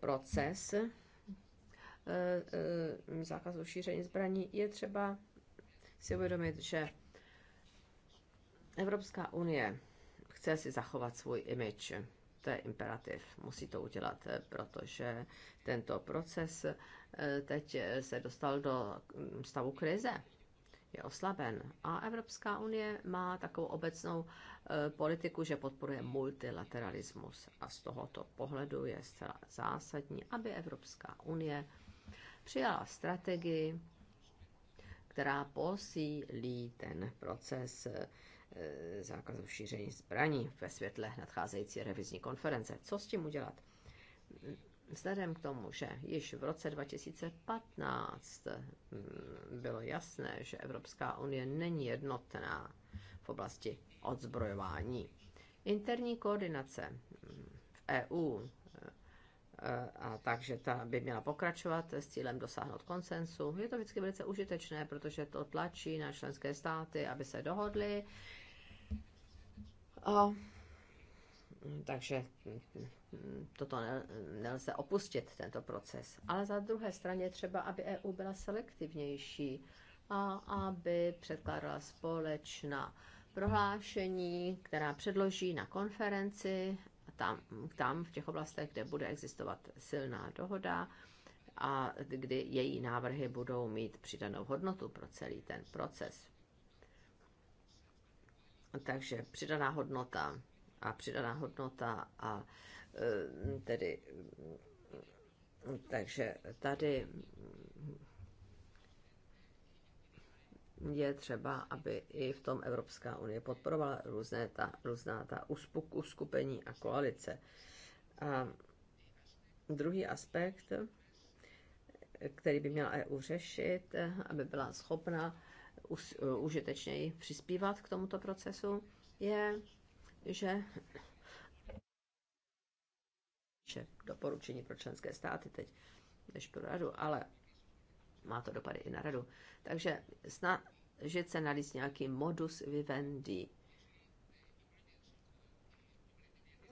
proces e, e, zákazu šíření zbraní? Je třeba si uvědomit, že Evropská unie chce si zachovat svůj image. To je imperativ, musí to udělat, e, protože tento proces teď se dostal do stavu krize je oslaben. A Evropská unie má takovou obecnou e, politiku, že podporuje multilateralismus. A z tohoto pohledu je zcela zásadní, aby Evropská unie přijala strategii, která posílí ten proces e, zákazu šíření zbraní ve světle nadcházející revizní konference. Co s tím udělat? Vzhledem k tomu, že již v roce 2015 mm, bylo jasné, že Evropská unie není jednotná v oblasti odzbrojování, interní koordinace mm, v EU eh, a takže ta by měla pokračovat s cílem dosáhnout konsensu. Je to vždycky velice užitečné, protože to tlačí na členské státy, aby se dohodly. A Mm, takže mm, mm, toto nelze opustit, tento proces. Ale za druhé straně třeba, aby EU byla selektivnější a aby předkládala společná prohlášení, která předloží na konferenci, tam, tam v těch oblastech, kde bude existovat silná dohoda a kdy její návrhy budou mít přidanou hodnotu pro celý ten proces. Takže přidaná hodnota a přidaná hodnota a e, tedy takže tady je třeba, aby i v tom Evropská unie podporovala různé ta, různá ta uspuk, uskupení a koalice. A druhý aspekt, který by měla EU řešit, aby byla schopna užitečněji přispívat k tomuto procesu, je že že doporučení pro členské státy teď než pro radu, ale má to dopady i na radu. Takže snažit se nalít nějaký modus vivendi.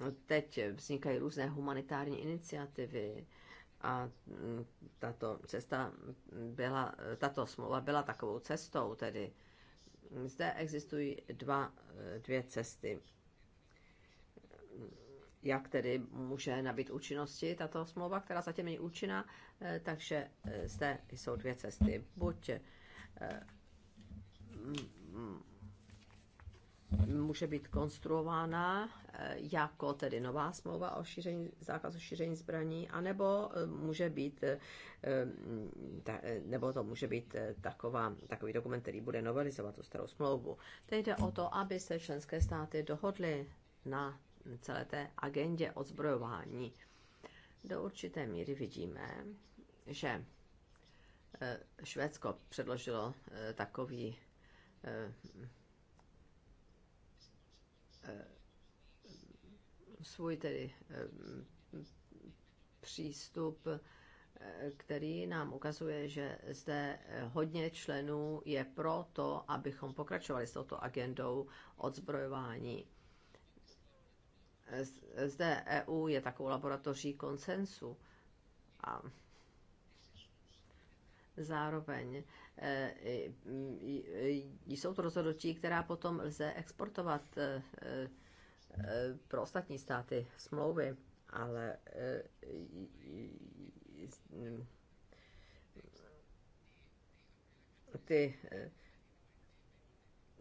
No, teď vznikají různé humanitární iniciativy a mm, tato cesta byla, tato smlouva byla takovou cestou, tedy zde existují dva, dvě cesty jak tedy může nabít účinnosti tato smlouva, která zatím není účinná. Eh, takže eh, zde jsou dvě cesty. Buď eh, může být konstruována jako tedy nová smlouva o šíření, zákazu šíření zbraní, anebo může být, nebo to může být taková, takový dokument, který bude novelizovat tu starou smlouvu. Teď jde o to, aby se členské státy dohodly na celé té agendě odzbrojování. Do určité míry vidíme, že e, Švédsko předložilo e, takový e, svůj tedy přístup, který nám ukazuje, že zde hodně členů je pro to, abychom pokračovali s touto agendou odzbrojování zde EU je takovou laboratoří konsensu a zároveň e, jsou to rozhodnutí, která potom lze exportovat e, e, pro ostatní státy smlouvy, ale ty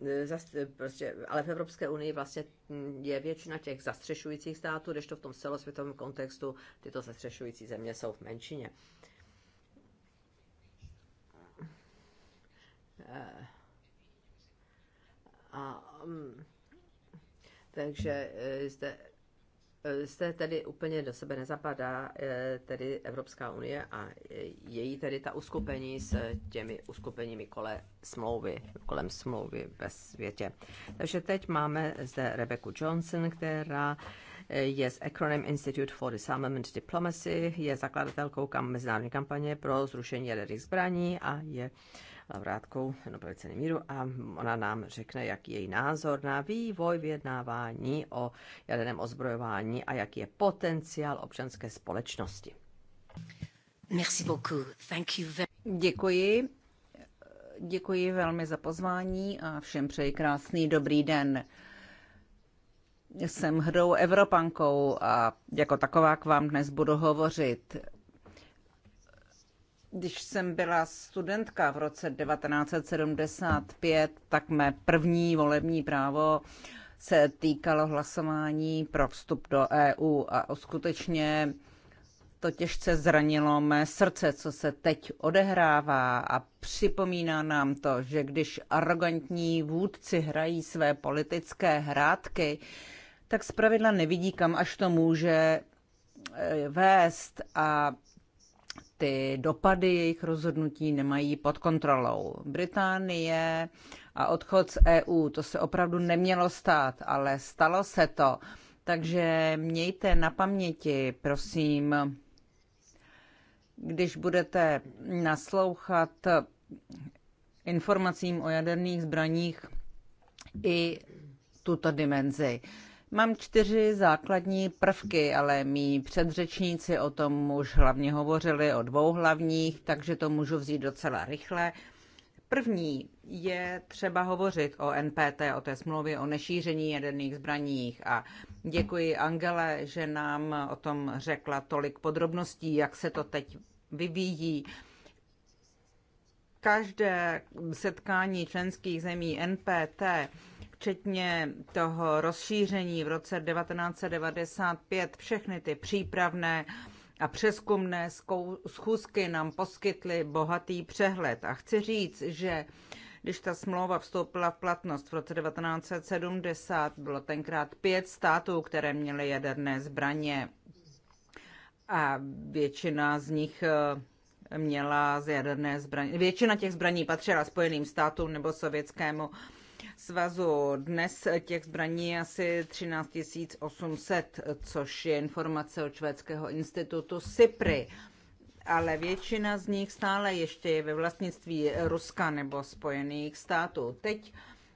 E, e, prostě, ale v Evropské unii vlastně mm, je většina těch zastřešujících států, kdežto v tom celosvětovém kontextu tyto zastřešující země jsou v menšině. E, a, mm, takže zde jste eh, tedy úplně do sebe nezapadá eh, tedy Evropská unie a její tedy ta uskupení s těmi uskupeními kole smlouvy, kolem smlouvy ve světě. Takže teď máme zde Rebeku Johnson, která eh, je z Acronym Institute for Disarmament Diplomacy, je zakladatelkou kam mezinárodní kampaně pro zrušení jaderných zbraní a je uh, Lavrátkou Nobelovy ceny míru a ona nám řekne, jaký je její názor na vývoj vyjednávání o jaderném ozbrojování a jaký je potenciál občanské společnosti. Merci beaucoup. Thank you very... Děkuji. Děkuji velmi za pozvání a všem přeji krásný dobrý den. Jsem hrdou Evropankou a jako taková k vám dnes budu hovořit. Když jsem byla studentka v roce 1975, tak mé první volební právo se týkalo hlasování pro vstup do EU a skutečně to těžce zranilo mé srdce, co se teď odehrává a připomíná nám to, že když arrogantní vůdci hrají své politické hrátky, tak zpravidla nevidí, kam až to může eh, vést a ty dopady jejich rozhodnutí nemají pod kontrolou. Británie a odchod z EU, to se opravdu nemělo stát, ale stalo se to. Takže mějte na paměti, prosím, když budete naslouchat informacím o jaderných zbraních i tuto dimenzi. Mám čtyři základní prvky, ale mý předřečníci o tom už hlavně hovořili, o dvou hlavních, takže to můžu vzít docela rychle. První je třeba hovořit o NPT, o té smlouvě o nešíření jaderných zbraních a děkuji Angele, že nám o tom řekla tolik podrobností, jak se to teď vyvíjí. Každé setkání členských zemí NPT včetně toho rozšíření v roce 1995, všechny ty přípravné a přeskumné schůzky nám poskytly bohatý přehled. A chci říct, že když ta smlouva vstoupila v platnost v roce 1970, bylo tenkrát pět států, které měly jaderné zbraně a většina z nich eh, měla z jaderné zbraně. Většina těch zbraní patřila Spojeným státům nebo Sovětskému svazu. Dnes těch zbraní je asi 13 800, což je informace od švédského institutu SIPRI. Ale většina z nich stále ještě je ve vlastnictví Ruska nebo Spojených států. Teď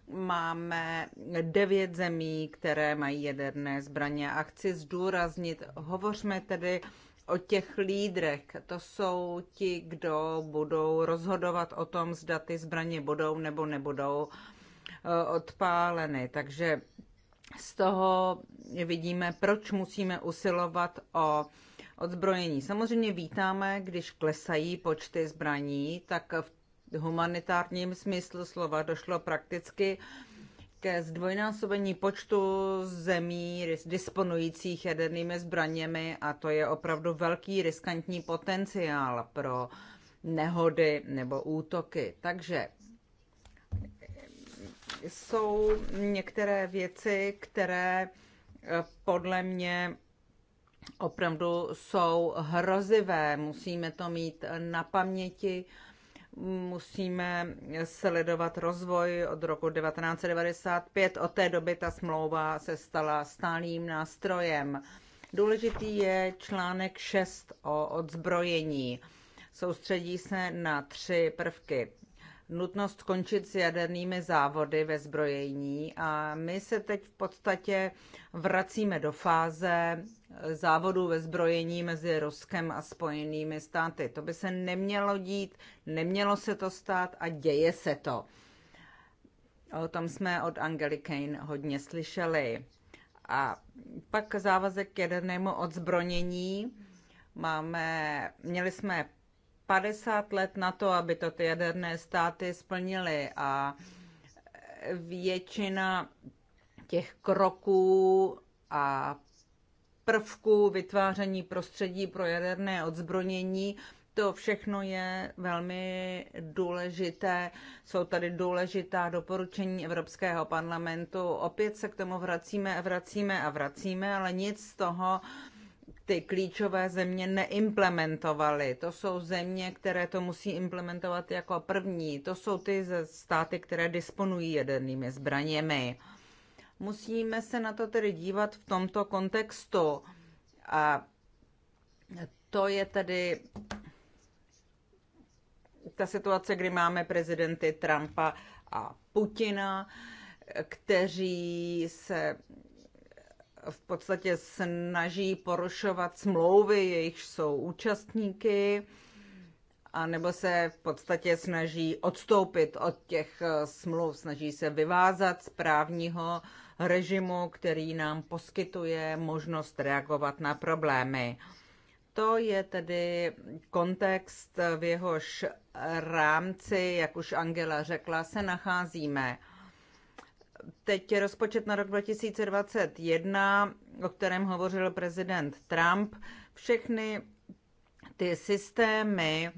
máme devět zemí, které mají jaderné zbraně. A chci zdůraznit, hovořme tedy o těch lídrech. To jsou ti, kdo budou rozhodovat o tom, zda ty zbraně budou nebo nebudou Eh, odpáleny. Takže z toho vidíme, proč musíme usilovat o odzbrojení. Samozřejmě vítáme, když klesají počty zbraní, tak v humanitárním smyslu slova došlo prakticky ke zdvojnásobení počtu zemí disponujících jadernými zbraněmi a to je opravdu velký riskantní potenciál pro nehody nebo útoky. Takže jsou některé věci, které eh, podle mě opravdu jsou hrozivé. Musíme to mít na paměti, musíme sledovat rozvoj od roku 1995. Od té doby ta smlouva se stala stálým nástrojem. Důležitý je článek 6 o odzbrojení. Soustředí se na tři prvky nutnost končit s jadernými závody ve zbrojení a my se teď v podstatě vracíme do fáze závodu ve zbrojení mezi Ruskem a Spojenými státy. To by se nemělo dít, nemělo se to stát a děje se to. O tom jsme od Angely Kane hodně slyšeli. A pak závazek k jadernému odzbronění. Máme, měli jsme 50 let na to, aby to ty jaderné státy splnily a většina těch kroků a prvků vytváření prostředí pro jaderné odzbrojení, to všechno je velmi důležité. Jsou tady důležitá doporučení Evropského parlamentu. Opět se k tomu vracíme a vracíme a vracíme, ale nic z toho ty klíčové země neimplementovaly. To jsou země, které to musí implementovat jako první. To jsou ty státy, které disponují jedenými zbraněmi. Musíme se na to tedy dívat v tomto kontextu. A to je tedy ta situace, kdy máme prezidenty Trumpa a Putina, kteří se v podstatě snaží porušovat smlouvy, jejichž jsou účastníky, a nebo se v podstatě snaží odstoupit od těch eh, smluv, snaží se vyvázat z právního režimu, který nám poskytuje možnost reagovat na problémy. To je tedy kontext, v jehož rámci, jak už Angela řekla, se nacházíme teď rozpočet na rok 2021, o kterém hovořil prezident Trump. Všechny ty systémy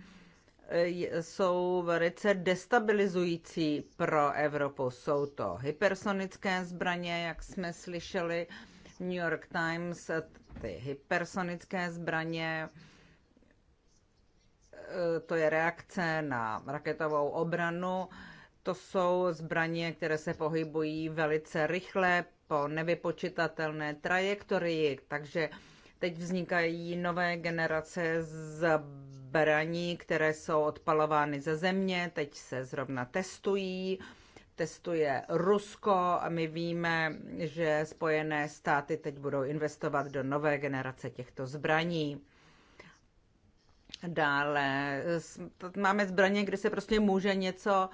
eh, jsou velice destabilizující pro Evropu. Jsou to hypersonické zbraně, jak jsme slyšeli v New York Times, eh, ty hypersonické zbraně, eh, to je reakce na raketovou obranu to jsou zbraně, které se pohybují velice rychle po nevypočitatelné trajektorii, takže teď vznikají nové generace zbraní, které jsou odpalovány ze země, teď se zrovna testují testuje Rusko a my víme, že Spojené státy teď budou investovat do nové generace těchto zbraní. Dále máme zbraně, kde se prostě může něco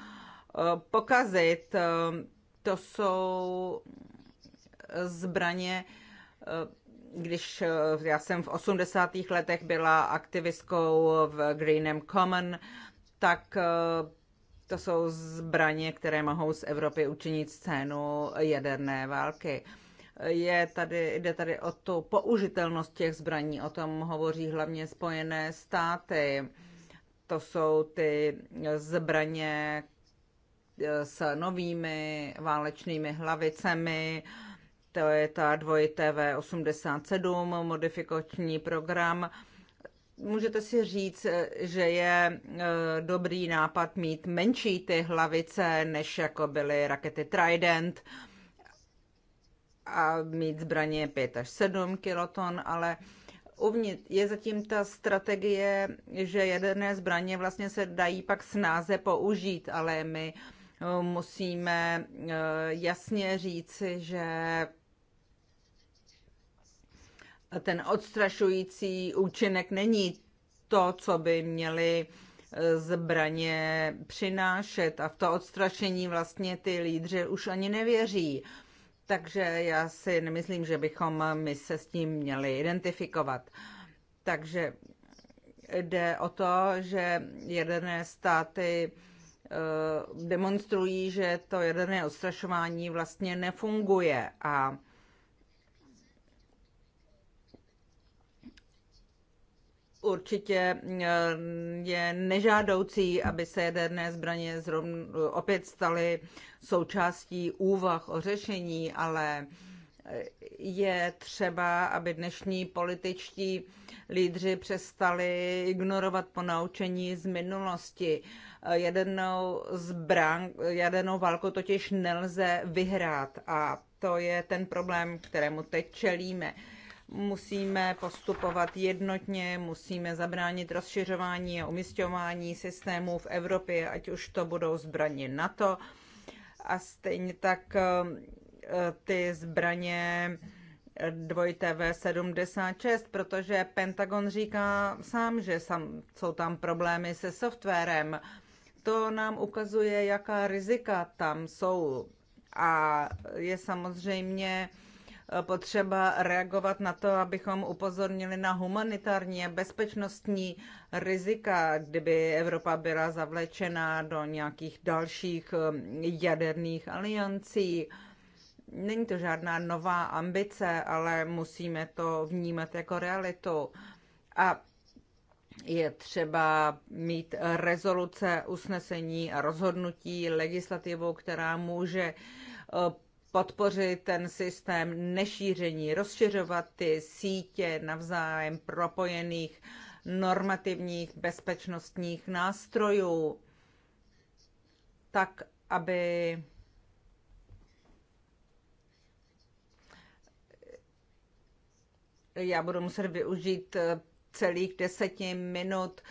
pokazit. Ehm, to jsou zbraně, ehm, když eh, já jsem v 80. letech byla aktivistkou v Greenham Common, tak eh, to jsou zbraně, které mohou z Evropy učinit scénu jaderné války. Je tady, jde tady o tu použitelnost těch zbraní, o tom hovoří hlavně Spojené státy. To jsou ty zbraně, s novými válečnými hlavicemi, to je ta dvojité V87, modifikační program. Můžete si říct, že je e, dobrý nápad mít menší ty hlavice, než jako byly rakety Trident a mít zbraně 5 až 7 kiloton, ale uvnitř je zatím ta strategie, že jedné zbraně vlastně se dají pak snáze použít, ale my musíme eh, jasně říci, že ten odstrašující účinek není to, co by měli eh, zbraně přinášet a v to odstrašení vlastně ty lídři už ani nevěří. Takže já si nemyslím, že bychom eh, my se s tím měli identifikovat. Takže jde o to, že jedné státy Eh, demonstrují, že to jaderné odstrašování vlastně nefunguje a určitě eh, je nežádoucí, aby se jaderné zbraně zrovna, opět staly součástí úvah o řešení, ale eh, je třeba, aby dnešní političtí lídři přestali ignorovat ponaučení z minulosti. Jadernou, zbran jadernou válku totiž nelze vyhrát a to je ten problém, kterému teď čelíme. Musíme postupovat jednotně, musíme zabránit rozšiřování a umistování systémů v Evropě, ať už to budou zbraně NATO a stejně tak eh, ty zbraně dvojité V76, protože Pentagon říká sám, že sam, jsou tam problémy se softwarem. To nám ukazuje, jaká rizika tam jsou. A je samozřejmě eh, potřeba reagovat na to, abychom upozornili na humanitární a bezpečnostní rizika, kdyby Evropa byla zavlečena do nějakých dalších eh, jaderných aliancí. Není to žádná nová ambice, ale musíme to vnímat jako realitu. A je třeba mít rezoluce, usnesení a rozhodnutí legislativou, která může eh, podpořit ten systém nešíření, rozšiřovat ty sítě navzájem propojených normativních bezpečnostních nástrojů, tak aby já budu muset využít eh, celých deseti minut,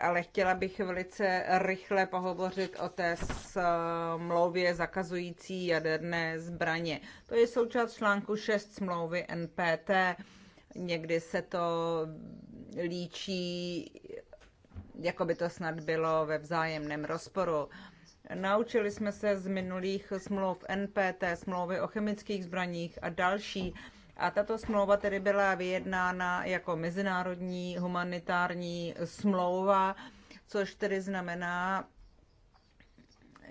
ale chtěla bych velice rychle pohovořit o té smlouvě zakazující jaderné zbraně. To je součást článku 6 smlouvy NPT. Někdy se to líčí, jako by to snad bylo ve vzájemném rozporu. Naučili jsme se z minulých smlouv NPT, smlouvy o chemických zbraních a další. A tato smlouva tedy byla vyjednána jako mezinárodní humanitární smlouva, což tedy znamená,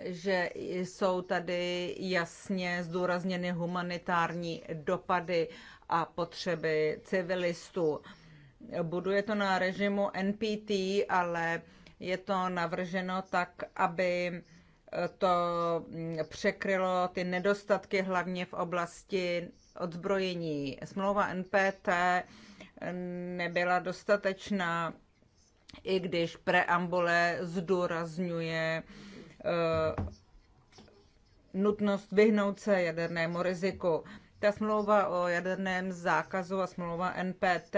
že jsou tady jasně zdůrazněny humanitární dopady a potřeby civilistů. Buduje to na režimu NPT, ale je to navrženo tak, aby to překrylo ty nedostatky hlavně v oblasti odzbrojení. Smlouva NPT nebyla dostatečná, i když preambule zdůrazňuje uh, nutnost vyhnout se jadernému riziku. Ta smlouva o jaderném zákazu a smlouva NPT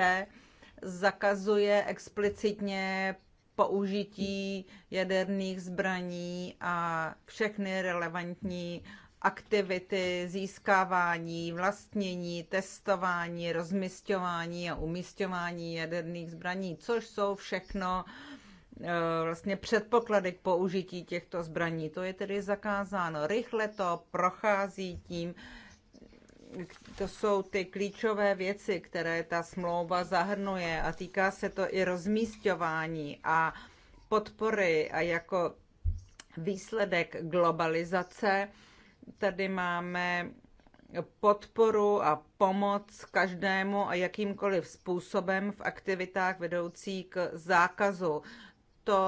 zakazuje explicitně použití jaderných zbraní a všechny relevantní aktivity získávání, vlastnění, testování, rozmysťování a umístování jaderných zbraní, což jsou všechno eh, vlastně předpoklady k použití těchto zbraní. To je tedy zakázáno. Rychle to prochází tím, to jsou ty klíčové věci, které ta smlouva zahrnuje a týká se to i rozmístování a podpory a jako výsledek globalizace Tady máme podporu a pomoc každému a jakýmkoliv způsobem v aktivitách vedoucí k zákazu. To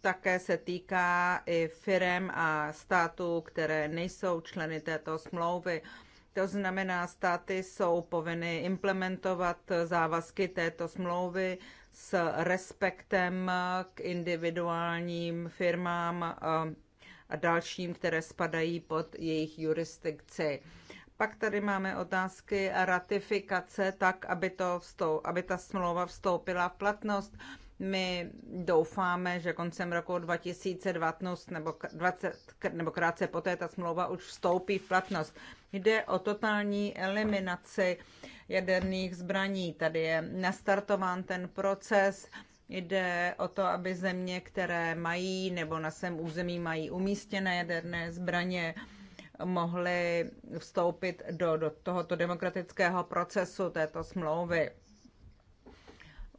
také se týká i firem a států, které nejsou členy této smlouvy. To znamená, státy jsou povinny implementovat závazky této smlouvy s respektem k individuálním firmám eh, a dalším, které spadají pod jejich jurisdikci. Pak tady máme otázky ratifikace, tak aby, to vstou, aby ta smlouva vstoupila v platnost. My doufáme, že koncem roku 2020 nebo, 20, nebo krátce poté ta smlouva už vstoupí v platnost. Jde o totální eliminaci jaderných zbraní. Tady je nastartován ten proces Jde o to, aby země, které mají nebo na svém území mají umístěné jaderné zbraně, mohly vstoupit do, do tohoto demokratického procesu této smlouvy.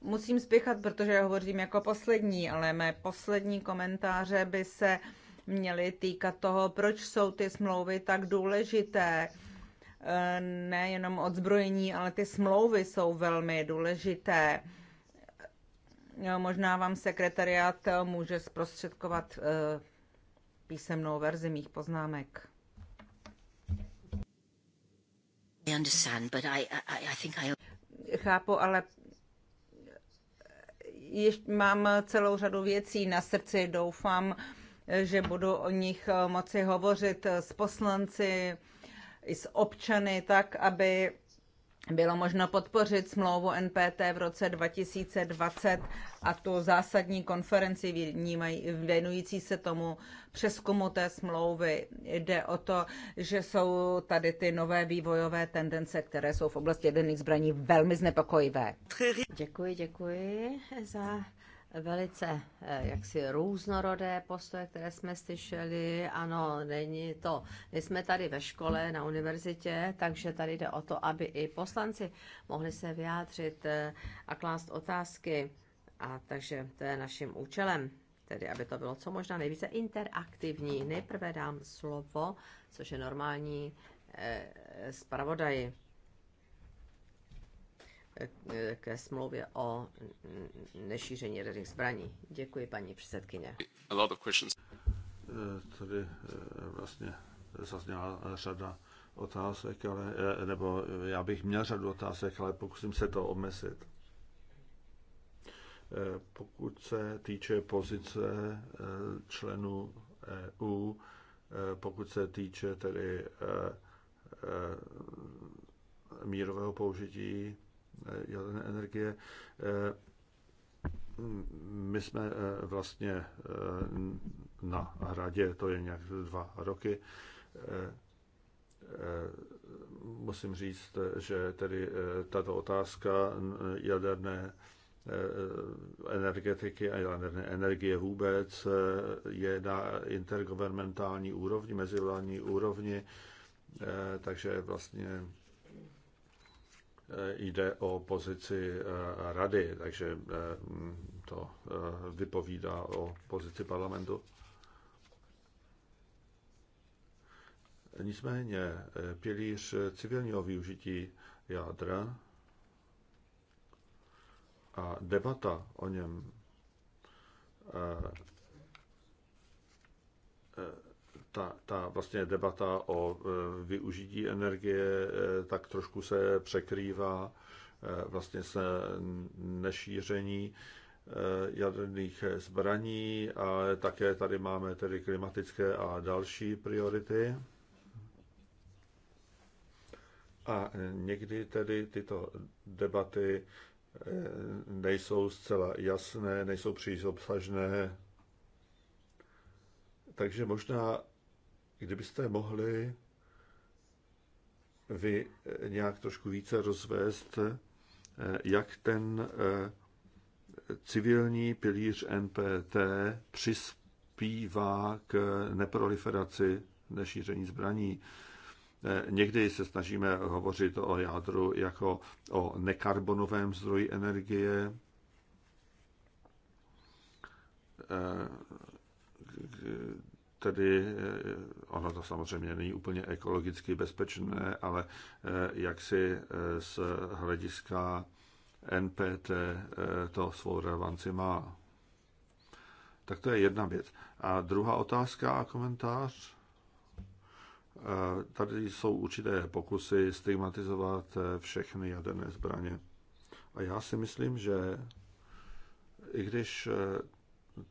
Musím spěchat, protože hovořím jako poslední, ale mé poslední komentáře by se měly týkat toho, proč jsou ty smlouvy tak důležité. E, nejenom odzbrojení, ale ty smlouvy jsou velmi důležité Možná vám sekretariát eh, může zprostředkovat eh, písemnou verzi mých poznámek. Chápu, ale eh, ještě mám celou řadu věcí na srdci. Doufám, že budu o nich moci hovořit s poslanci, i s občany, tak, aby bylo možno podpořit smlouvu NPT v roce 2020 a tu zásadní konferenci věnující se tomu přeskumu té smlouvy. Jde o to, že jsou tady ty nové vývojové tendence, které jsou v oblasti jaderných zbraní velmi znepokojivé. Děkuji, děkuji za velice eh, jaksi různorodé postoje, které jsme slyšeli. Ano, není to, Jsme tady ve škole, na univerzitě, takže tady jde o to, aby i poslanci mohli se vyjádřit eh, a klást otázky. A takže to je naším účelem, tedy aby to bylo co možná nejvíce interaktivní. Nejprve dám slovo, což je normální, eh, zpravodaji ke smlouvě o nešíření jaderných zbraní. Děkuji, paní předsedkyně. A lot of questions. Eh, tady eh, vlastně zazněla řada otázek, ale, eh, nebo já bych měl řadu otázek, ale pokusím se to omezit. Pokud se týče pozice členů EU, pokud se týče tedy mírového použití Eh, jaderné energie. Eh, my jsme eh, vlastně na radě, to je nějak dva roky, musím říct, že tedy tato otázka jaderné energetiky a jaderné energie vůbec je na intergovernmentální úrovni, mezivládní úrovni, takže vlastně Eh, jde o pozici eh, rady, takže eh, to vypovídá o pozici parlamentu. Nicméně pilíř civilního využití jádra a debata o něm ta, ta vlastně debata o e, využití energie e, tak trošku se překrývá e, vlastně se nešíření jaderných zbraní a také tady máme tedy klimatické a další priority. A někdy tedy tyto debaty nejsou zcela jasné, nejsou příliš obsažné, takže možná Kdybyste mohli vy eh, nějak trošku více rozvést, eh, jak ten eh, civilní pilíř NPT přispívá k neproliferaci, nešíření zbraní. Někdy se snažíme hovořit o jádru jako o nekarbonovém zdroji energie, tedy eh, ono to samozřejmě není úplně ekologicky bezpečné, ale eh, jak si eh, z hlediska NPT to svou relevanci má. Tak to je jedna věc. A druhá otázka a komentář. Tady jsou určité pokusy stigmatizovat všechny jaderné zbraně. A já si myslím, že i když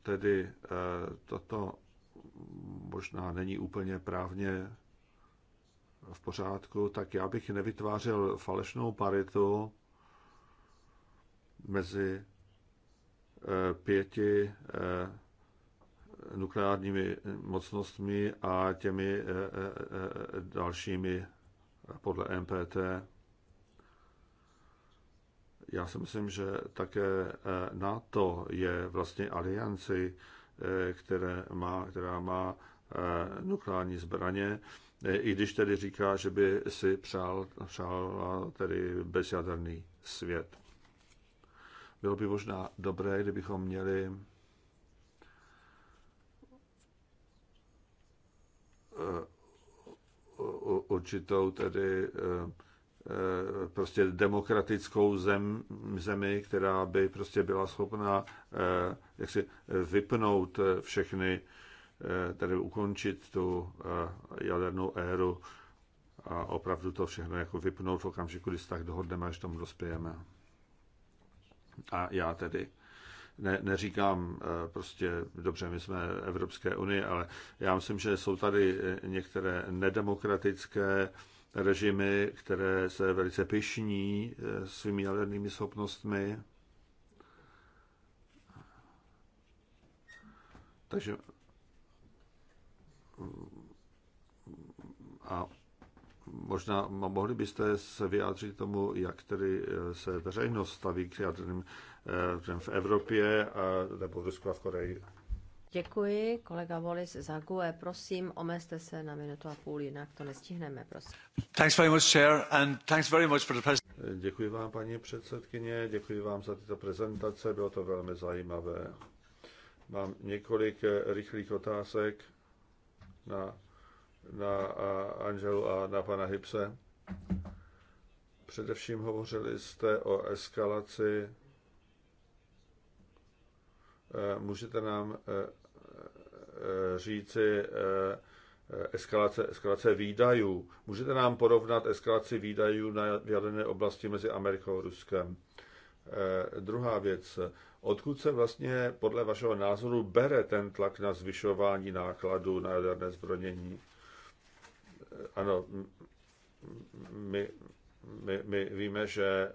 tedy toto možná není úplně právně v pořádku, tak já bych nevytvářel falešnou paritu mezi eh, pěti eh, nukleárními mocnostmi a těmi eh, dalšími podle MPT. Já si myslím, že také NATO je vlastně alianci Eh, které má, která má eh, nukleární zbraně, eh, i když tedy říká, že by si přál, přál tedy bezjaderný svět. Bylo by možná dobré, kdybychom měli určitou tedy Eh, prostě demokratickou zem, zemi, která by prostě byla schopná eh, jak si eh, vypnout všechny, tedy ukončit tu jadernou éru a opravdu to všechno jako vypnout v okamžiku, kdy se tak dohodneme, až tomu dospějeme. A já tedy ne, neříkám prostě, dobře, my jsme Evropské unie, ale já myslím, že jsou tady některé nedemokratické režimy, které se velice pišní eh, svými jadernými schopnostmi. Takže mm, a možná mohli byste se vyjádřit tomu, jak tedy eh, se veřejnost staví k jaderným eh, v Evropě a nebo v Rusku a v Koreji. Děkuji, kolega Volis za GUE. Prosím, omezte se na minutu a půl, jinak to nestihneme, prosím. Thanks very much, Chair, and thanks very much for the presentation. Děkuji vám, paní předsedkyně, děkuji vám za tyto prezentace, bylo to velmi zajímavé. Mám několik eh, rychlých otázek na, na Angelu a na pana Hipse. Především hovořili jste o eskalaci Eh, můžete nám eh, eh, říci eskalace, eskalace výdajů. Můžete nám porovnat eskalaci výdajů na jaderné oblasti mezi Amerikou a Ruskem? Druhá věc. Odkud se vlastně podle vašeho názoru bere ten tlak na zvyšování nákladů na jaderné zbronění? Ano, my, my, my víme, že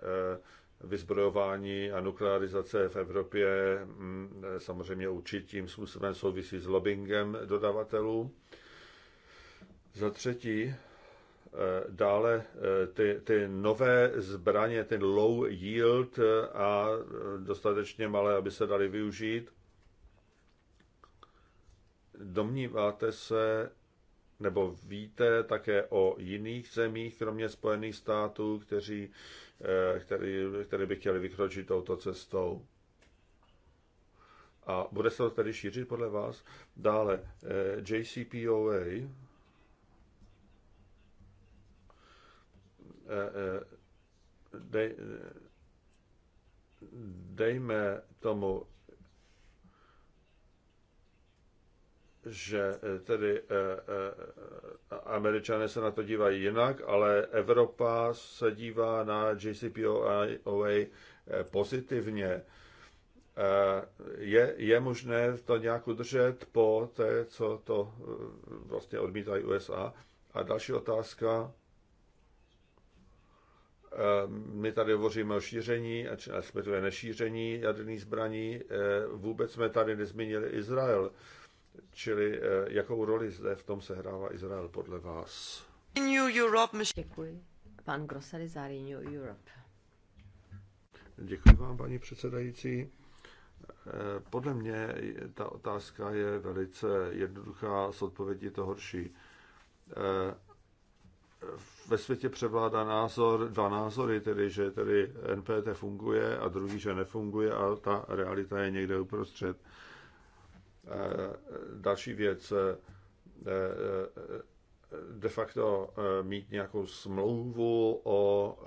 vyzbrojování a nuklearizace v Evropě mm, samozřejmě určitým způsobem souvisí s lobbyingem dodavatelů. Za třetí, eh, dále eh, ty, ty nové zbraně, ten low yield eh, a dostatečně malé, aby se dali využít. Domníváte se, nebo víte také o jiných zemích, kromě Spojených států, kteří Eh, který, který by chtěli vykročit touto cestou. A bude se to tedy šířit podle vás? Dále eh, JCPOA. Eh, dej, dejme tomu že eh, tedy eh, eh, američané se na to dívají jinak, ale Evropa se dívá na JCPOA pozitivně. Je, je možné to nějak udržet po té, co to vlastně odmítají USA? A další otázka. My tady hovoříme o šíření, respektive nešíření jaderných zbraní. Vůbec jsme tady nezmínili Izrael. Čili eh, jakou roli zde v tom sehrává Izrael podle vás? New Europe. Děkuji. Pan Grossary za Europe. Děkuji vám, paní předsedající. Eh, podle mě ta otázka je velice jednoduchá, s odpovědí to horší. Eh, ve světě převládá názor, dva názory, tedy že tedy NPT funguje a druhý, že nefunguje a ta realita je někde uprostřed. Eh, eh, další věc, eh, de facto mít nějakou smlouvu o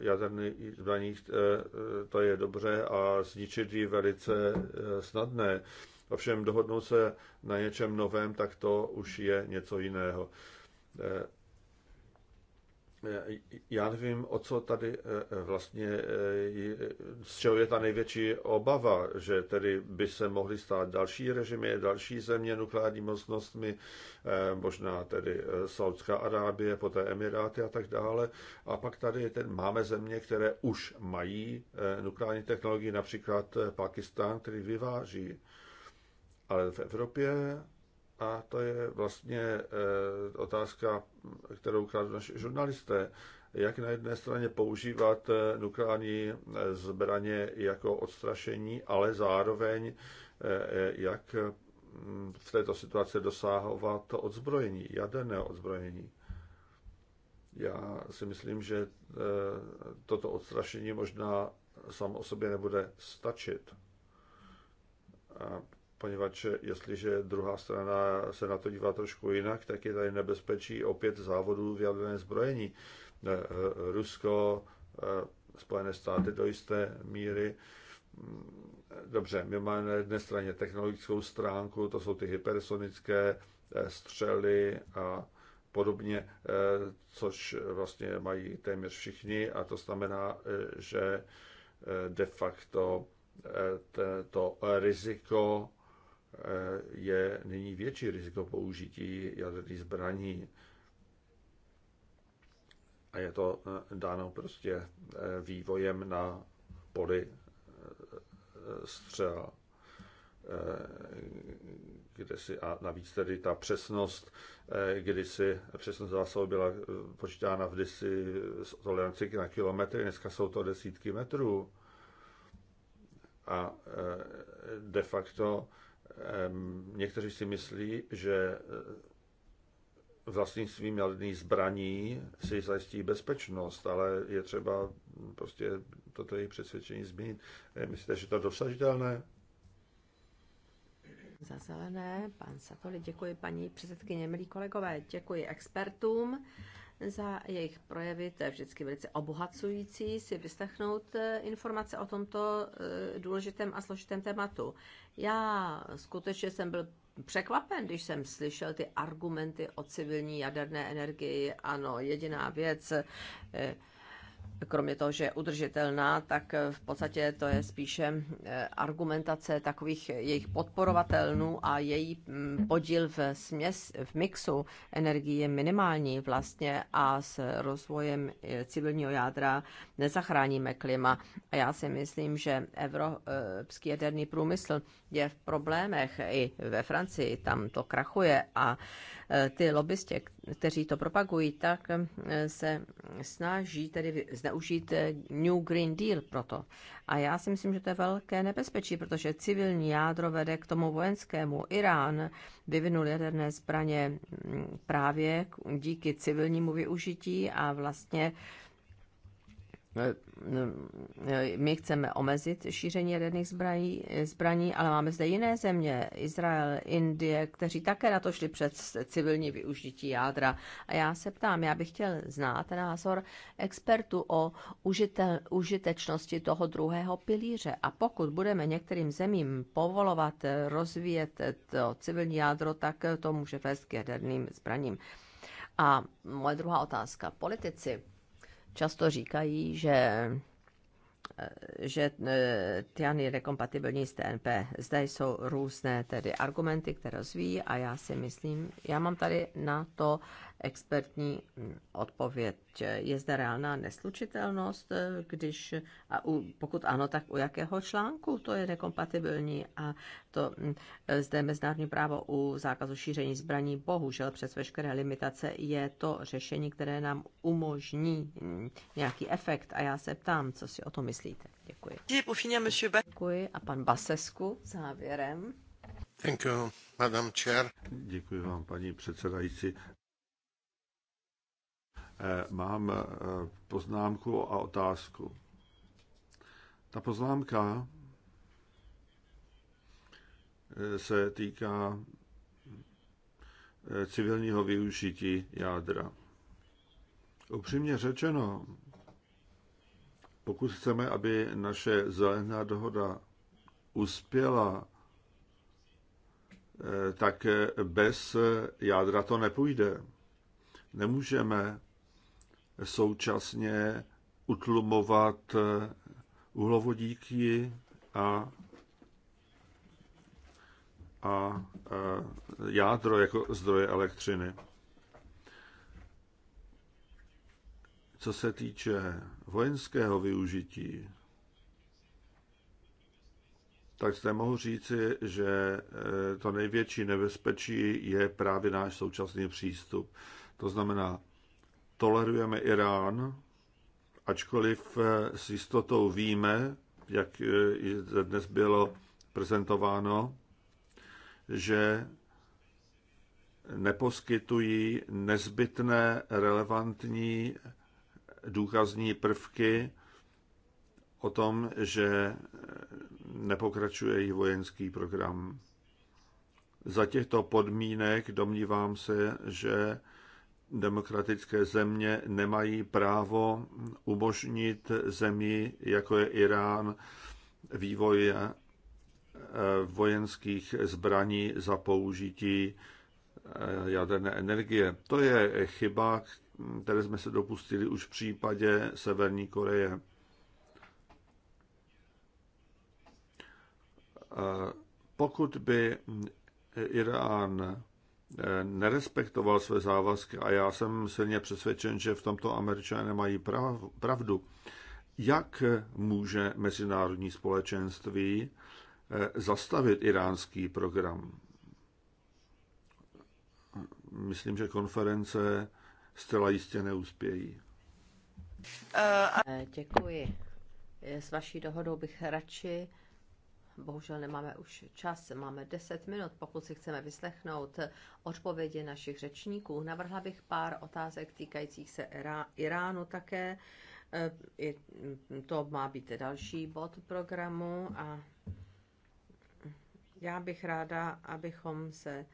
jaderných zbraních, to je dobře a zničit ji velice snadné. Ovšem dohodnout se na něčem novém, tak to už je něco jiného já nevím, o co tady eh, eh, vlastně, eh, z čeho je ta největší obava, že tedy by se mohly stát další režimy, další země nukleární mocnostmi, možná tedy Saudská Arábie, poté Emiráty a tak dále. A pak tady ten, máme země, které už mají nukleární technologii, například Pakistán, který vyváží. Ale v Evropě a to je vlastně eh, otázka, kterou kladou naši žurnalisté. Jak na jedné straně používat eh, nukleární eh, zbraně jako odstrašení, ale zároveň jak mm, v této situaci dosáhovat odzbrojení, jaderné odzbrojení. Já si myslím, že toto odstrašení možná samo o sobě nebude stačit. A poněvadž jestliže druhá strana se na to dívá trošku jinak, tak je tady nebezpečí opět závodů v jaderném zbrojení. Eh, Rusko, eh, Spojené státy do jisté míry. Mm, dobře, my máme na jedné straně technologickou stránku, to jsou ty hypersonické eh, střely a podobně, což vlastně mají téměř všichni a to znamená, že de facto to riziko je nyní větší riziko použití jaderných zbraní. A je to eh, dáno prostě eh, vývojem na poli eh, střel, kde si, a navíc tedy ta přesnost, kdy si přesnost zásahu byla počítána v disi s toleranci na kilometry, dneska jsou to desítky metrů. A de facto někteří si myslí, že e, vlastnictvím jaderných zbraní si zajistí bezpečnost, ale je třeba prostě toto jejich přesvědčení změnit. E, myslíte, že to je dosažitelné? Za zelené, pan Satoli, děkuji paní předsedkyně, milí kolegové, děkuji expertům za jejich projevy. To je vždycky velice obohacující si vyslechnout eh, informace o tomto eh, důležitém a složitém tématu. Já skutečně jsem byl překvapen, když jsem slyšel ty argumenty o civilní jaderné energii. Ano, jediná věc, eh, kromě toho, že je udržitelná, tak eh, v podstatě to je spíše eh, argumentace takových jejich podporovatelnů a její mm, podíl v směs, v mixu energie je minimální vlastně a s rozvojem eh, civilního jádra nezachráníme klima. A já si myslím, že evropský jaderný průmysl je v problémech i ve Francii, tam to krachuje a ty lobbystě, kteří to propagují, tak eh, se snaží tedy zneužít eh, New Green Deal proto. A já si myslím, že to je velké nebezpečí, protože civilní jádro vede k tomu vojenskému. Irán vyvinul jaderné zbraně mm, právě díky civilnímu využití a vlastně my chceme omezit šíření jaderných zbraní, zbraní, ale máme zde jiné země, Izrael, Indie, kteří také na to šli před civilní využití jádra. A já se ptám, já bych chtěl znát názor expertu o užite, užitečnosti toho druhého pilíře. A pokud budeme některým zemím povolovat rozvíjet to civilní jádro, tak to může vést k jaderným zbraním. A moje druhá otázka. Politici často říkají, že že eh, Tian je nekompatibilní s TNP. Zde jsou různé tedy argumenty, které rozvíjí a já si myslím, já mám tady na to expertní odpověď. Je zde reálná neslučitelnost, když, a u, pokud ano, tak u jakého článku to je nekompatibilní a to mm, zde mezinárodní právo u zákazu šíření zbraní, bohužel přes veškeré limitace je to řešení, které nám umožní mm, nějaký efekt a já se ptám, co si o to myslíte. Děkuji. Děkuji a pan Basesku závěrem. Děkuji, Madam Chair. Děkuji vám, paní předsedající mám eh, poznámku a otázku. Ta poznámka eh, se týká eh, civilního využití jádra. Upřímně řečeno, pokud chceme, aby naše zelená dohoda uspěla, tak bez jádra to nepůjde. Nemůžeme současně utlumovat eh, uhlovodíky a, a, a eh, jádro jako zdroje elektřiny. Co se týče vojenského využití, tak zde mohu říci, že eh, to největší nebezpečí je právě náš současný přístup. To znamená tolerujeme Irán, ačkoliv eh, s jistotou víme, jak eh, dnes bylo prezentováno, že neposkytují nezbytné relevantní důkazní prvky o tom, že eh, nepokračuje jejich vojenský program. Za těchto podmínek domnívám se, že demokratické země nemají právo umožnit zemi, jako je Irán, vývoj eh, vojenských zbraní za použití eh, jaderné energie. To je chyba, které jsme se dopustili už v případě Severní Koreje. Eh, pokud by Irán nerespektoval své závazky a já jsem silně přesvědčen, že v tomto američané mají pravdu. Jak může mezinárodní společenství eh, zastavit iránský program? Myslím, že konference zcela jistě neuspějí. Eh, eh, děkuji. S vaší dohodou bych radši bohužel nemáme už čas, máme 10 minut, pokud si chceme vyslechnout odpovědi našich řečníků. Navrhla bych pár otázek týkajících se Iránu také. Eh, to má být další bod programu a já bych ráda, abychom se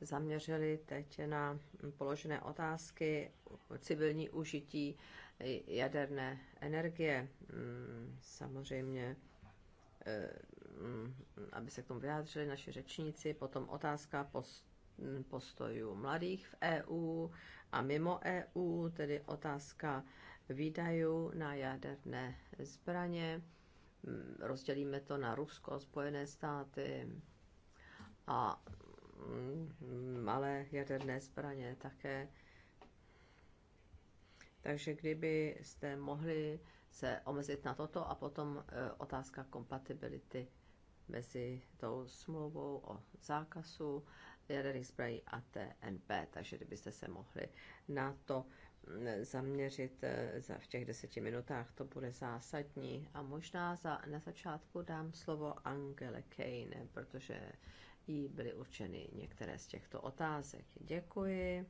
zaměřili teď na položené otázky civilní užití jaderné energie. Mm, samozřejmě Eh, aby se k tomu vyjádřili naši řečníci, potom otázka postojů mladých v EU a mimo EU, tedy otázka výdajů na jaderné zbraně. Mm, rozdělíme to na Rusko, Spojené státy a mm, malé jaderné zbraně také. Takže kdybyste mohli se omezit na toto a potom e, otázka kompatibility mezi tou smlouvou o zákazu jaderných zbraní a TNP. Takže kdybyste se mohli na to zaměřit e, za v těch deseti minutách, to bude zásadní. A možná za, na začátku dám slovo Angele Kane, protože jí byly určeny některé z těchto otázek. Děkuji.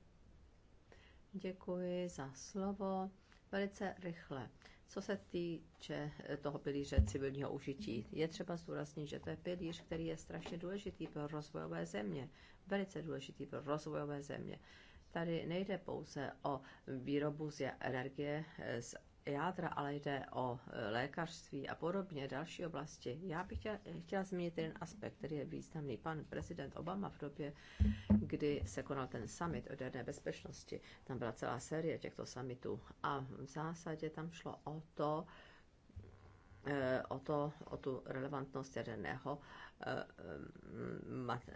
Děkuji za slovo. Velice rychle. Co se týče eh, toho pilíře civilního užití, je třeba zdůraznit, že to je pilíř, který je strašně důležitý pro rozvojové země, velice důležitý pro rozvojové země. Tady nejde pouze o výrobu z energie eh, z jádra, ale jde o e, lékařství a podobně další oblasti. Já bych chtěla, chtěla zmínit jeden aspekt, který je významný. Pan prezident Obama v době, kdy se konal ten summit o jaderné bezpečnosti, tam byla celá série těchto summitů a v zásadě tam šlo o to, Eh, o, to, o tu relevantnost jaderného eh,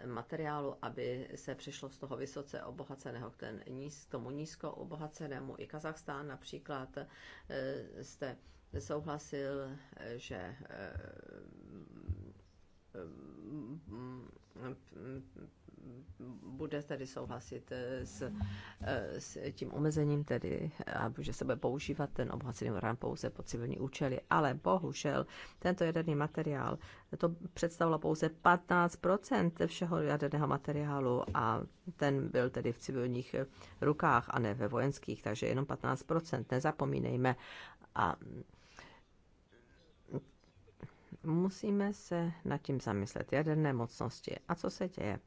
materiálu, aby se přišlo z toho vysoce obohaceného k, ten, k tomu nízko obohacenému. I Kazachstán například eh, jste souhlasil, že bude tedy souhlasit eh, s, eh, s tím omezením, tedy, že se bude používat ten obohacený uran pouze po civilní účely. Ale bohužel tento jaderný materiál, to představilo pouze 15 všeho jaderného materiálu a ten byl tedy v civilních rukách a ne ve vojenských, takže jenom 15 nezapomínejme. A musíme se nad tím zamyslet. Jaderné mocnosti. A co se děje?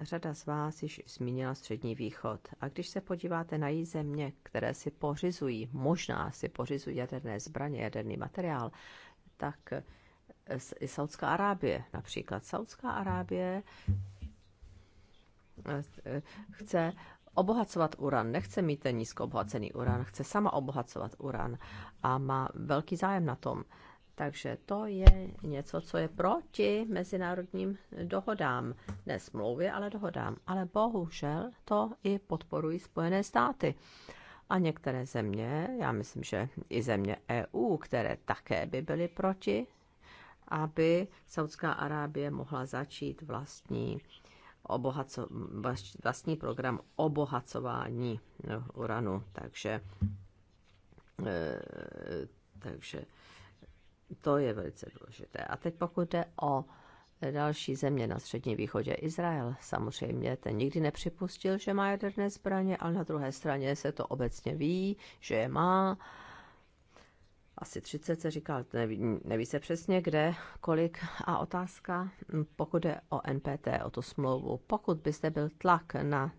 Řada z vás již zmínila Střední východ. A když se podíváte na její země, které si pořizují, možná si pořizují jaderné zbraně, jaderný materiál, tak eh, i Saudská Arábie například. Saudská Arábie eh, chce obohacovat uran, nechce mít ten nízko obohacený uran, chce sama obohacovat uran a má velký zájem na tom. Takže to je něco, co je proti mezinárodním dohodám. Ne smlouvě, ale dohodám. Ale bohužel to i podporují Spojené státy. A některé země, já myslím, že i země EU, které také by byly proti, aby Saudská Arábie mohla začít vlastní, obohaco, vlastní program obohacování uranu. Takže, eh, takže to je velice důležité. A teď pokud jde o další země na Středním východě, Izrael samozřejmě, ten nikdy nepřipustil, že má jaderné zbraně, ale na druhé straně se to obecně ví, že je má asi 30 se říká, neví, neví se přesně kde, kolik. A otázka, pokud je o NPT, o tu smlouvu, pokud byste byl tlak na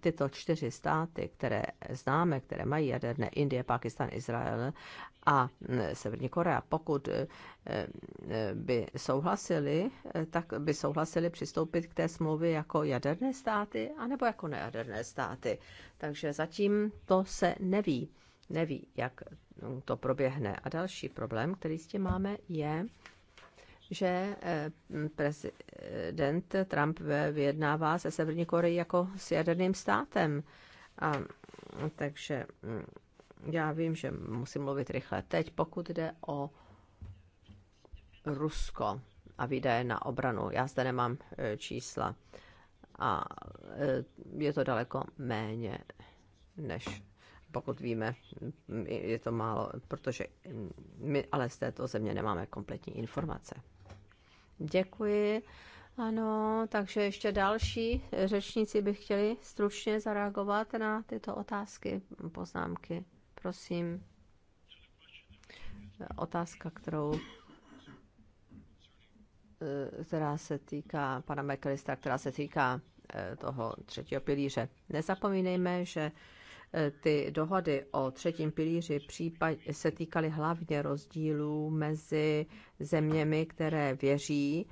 tyto čtyři státy, které známe, které mají jaderné, Indie, Pakistan, Izrael a Severní Korea, pokud e, e, by souhlasili, e, tak by souhlasili přistoupit k té smlouvě jako jaderné státy anebo jako nejaderné státy. Takže zatím to se neví neví, jak mm, to proběhne. A další problém, který s tím máme, je, že eh, prezident Trump vyjednává se Severní Koreí jako s jaderným státem. A, mm, takže mm, já vím, že musím mluvit rychle. Teď, pokud jde o Rusko a výdaje na obranu, já zde nemám eh, čísla a eh, je to daleko méně než pokud víme, je to málo, protože my ale z této země nemáme kompletní informace. Děkuji. Ano, takže ještě další řečníci by chtěli stručně zareagovat na tyto otázky, poznámky. Prosím. Otázka, kterou která se týká pana McAllistera, která se týká eh, toho třetího pilíře. Nezapomínejme, že ty dohody o třetím pilíři případ, se týkaly hlavně rozdílů mezi zeměmi, které věří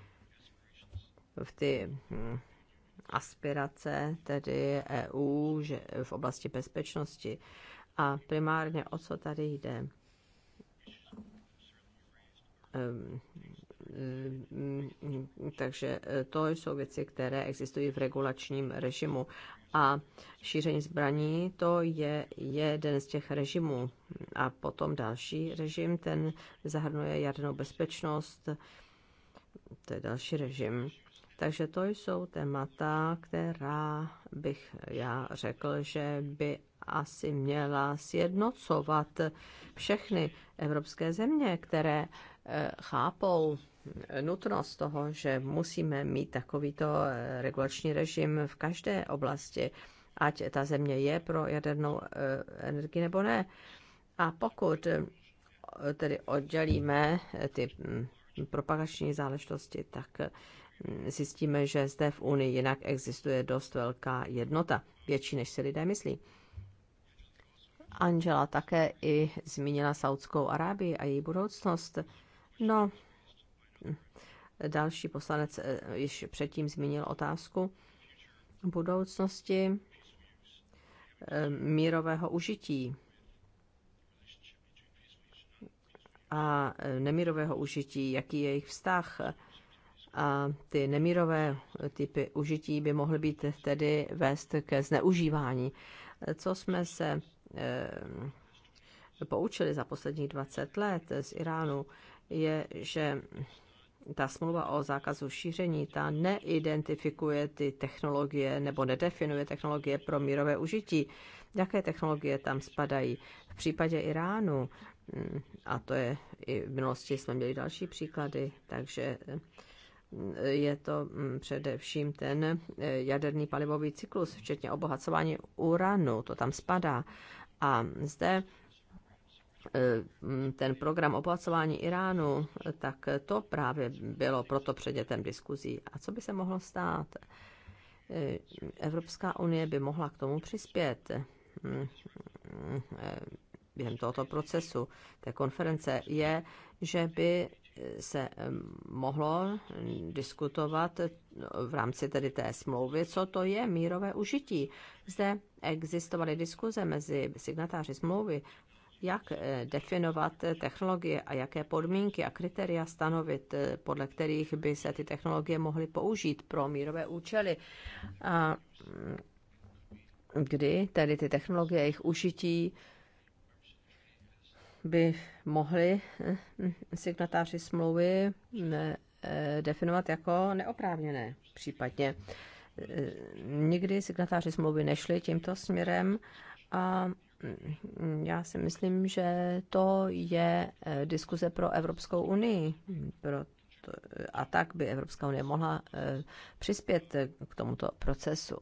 v ty hm, aspirace, tedy EU že v oblasti bezpečnosti. A primárně o co tady jde? Ehm, ehm, takže to jsou věci, které existují v regulačním režimu a šíření zbraní, to je jeden z těch režimů. A potom další režim, ten zahrnuje jadernou bezpečnost, to je další režim. Takže to jsou témata, která bych já řekl, že by asi měla sjednocovat všechny evropské země, které chápou nutnost toho, že musíme mít takovýto eh, regulační režim v každé oblasti, ať ta země je pro jadernou eh, energii nebo ne. A pokud eh, tedy oddělíme ty hm, propagační záležitosti, tak hm, zjistíme, že zde v Unii jinak existuje dost velká jednota, větší než si lidé myslí. Angela také i zmínila Saudskou Arábii a její budoucnost. No, další poslanec eh, již předtím zmínil otázku budoucnosti eh, mírového užití a eh, nemírového užití, jaký je jejich vztah. A ty nemírové typy užití by mohly být tedy vést ke zneužívání. Co jsme se poučili za posledních 20 let z Iránu, je, že ta smlouva o zákazu šíření, ta neidentifikuje ty technologie nebo nedefinuje technologie pro mírové užití. Jaké technologie tam spadají? V případě Iránu, mm, a to je i v minulosti jsme měli další příklady, takže mm, je to mm, především ten eh, jaderný palivový cyklus, včetně obohacování uranu, to tam spadá. A zde Eh, ten program obohacování Iránu, tak to právě bylo proto předmětem diskuzí. A co by se mohlo stát? Eh, Evropská unie by mohla k tomu přispět eh, během tohoto procesu té konference, je, že by se mohlo diskutovat v rámci tedy té smlouvy, co to je mírové užití. Zde existovaly diskuze mezi signatáři smlouvy jak eh, definovat eh, technologie a jaké podmínky a kritéria stanovit, eh, podle kterých by se ty technologie mohly použít pro mírové účely. A mm, kdy tedy ty technologie, jejich užití by mohly signatáři smlouvy mm, definovat jako neoprávněné případně. Nikdy signatáři smlouvy nešli tímto směrem a já si myslím, že to je eh, diskuze pro Evropskou unii. Pro to, a tak by Evropská unie mohla eh, přispět k tomuto procesu.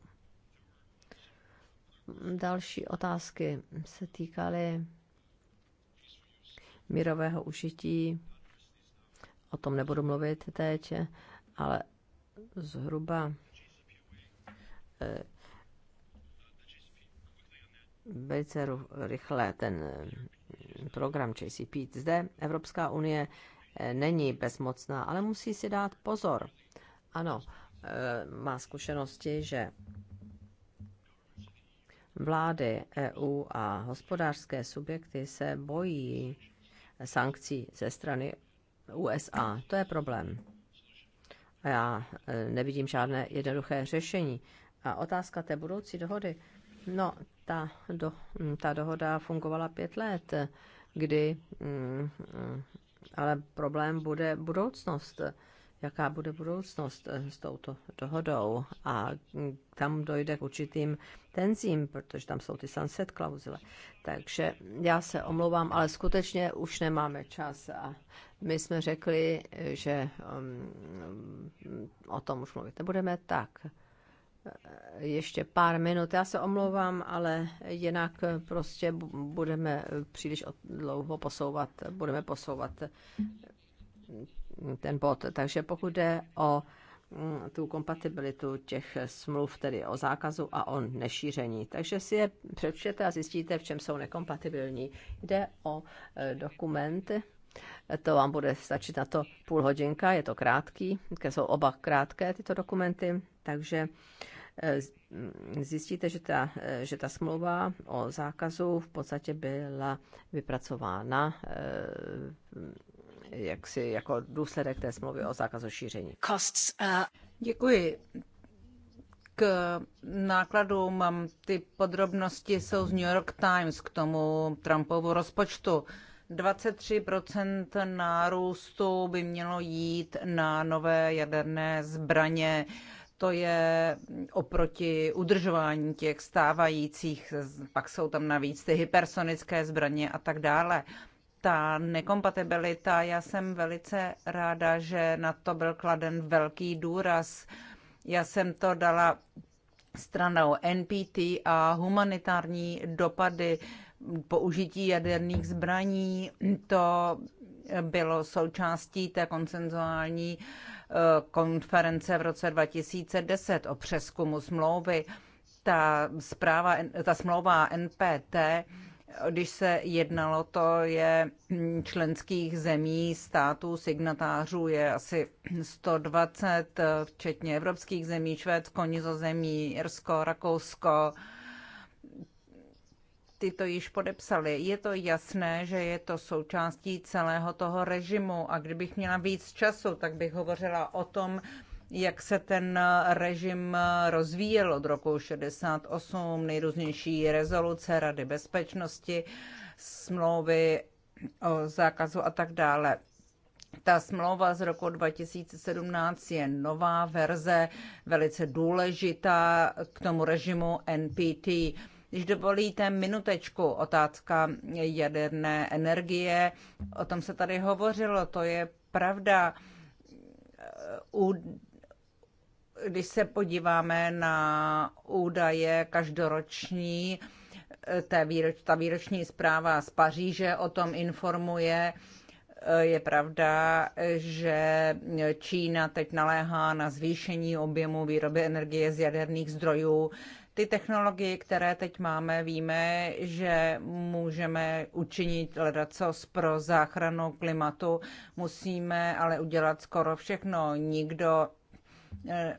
Další otázky se týkaly mírového užití. O tom nebudu mluvit teď, ale zhruba eh, velice rychle ten eh, program JCP. Zde Evropská unie eh, není bezmocná, ale musí si dát pozor. Ano, eh, má zkušenosti, že vlády EU a hospodářské subjekty se bojí sankcí ze strany USA. To je problém. A já nevidím žádné jednoduché řešení. A otázka té budoucí dohody No, ta, do, ta dohoda fungovala pět let, kdy, mm, ale problém bude budoucnost. Jaká bude budoucnost s touto dohodou? A tam dojde k určitým tenzím, protože tam jsou ty sunset klauzule. Takže já se omlouvám, ale skutečně už nemáme čas a my jsme řekli, že mm, o tom už mluvit nebudeme tak ještě pár minut. Já se omlouvám, ale jinak prostě budeme příliš dlouho posouvat, budeme posouvat ten bod. Takže pokud jde o mm, tu kompatibilitu těch smluv, tedy o zákazu a o nešíření. Takže si je přečtěte a zjistíte, v čem jsou nekompatibilní. Jde o e, dokument, to vám bude stačit na to půl hodinka, je to krátký, jsou oba krátké tyto dokumenty, takže uh, Eh, mm, zjistíte, že ta, eh, že ta smlouva o zákazu v podstatě byla vypracována eh, mm, jaksi jako důsledek té smlouvy o zákazu šíření. Costs, uh... Děkuji. K nákladům mm, ty podrobnosti jsou z New York Times k tomu Trumpovu rozpočtu. 23% nárůstu by mělo jít na nové jaderné zbraně to je oproti udržování těch stávajících, pak jsou tam navíc ty hypersonické zbraně a tak dále. Ta nekompatibilita, já jsem velice ráda, že na to byl kladen velký důraz. Já jsem to dala stranou NPT a humanitární dopady použití jaderných zbraní. To bylo součástí té konsenzuální uh, konference v roce 2010 o přeskumu smlouvy. Ta, zpráva, ta smlouva NPT, když se jednalo, to je členských zemí, států, signatářů je asi 120, včetně evropských zemí, Švédsko, Nizozemí, Irsko, Rakousko, ty to již podepsali. Je to jasné, že je to součástí celého toho režimu a kdybych měla víc času, tak bych hovořila o tom, jak se ten režim rozvíjel od roku 68, nejrůznější rezoluce Rady bezpečnosti, smlouvy o zákazu a tak dále. Ta smlouva z roku 2017 je nová verze, velice důležitá k tomu režimu NPT když dovolíte minutečku, otázka jaderné energie, o tom se tady hovořilo, to je pravda. U, když se podíváme na údaje každoroční, ta, výroč, ta výroční zpráva z Paříže o tom informuje, je pravda, že Čína teď naléhá na zvýšení objemu výroby energie z jaderných zdrojů. Ty technologie, které teď máme, víme, že můžeme učinit ledacos pro záchranu klimatu. Musíme ale udělat skoro všechno. Nikdo eh,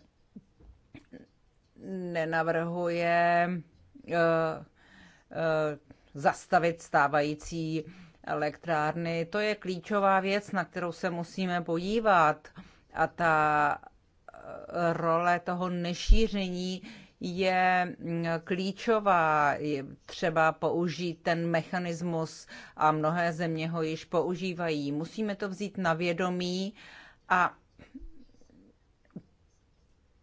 nenavrhuje eh, eh, zastavit stávající elektrárny. To je klíčová věc, na kterou se musíme podívat. A ta role toho nešíření je mm, klíčová. Je třeba použít ten mechanismus a mnohé země ho již používají. Musíme to vzít na vědomí a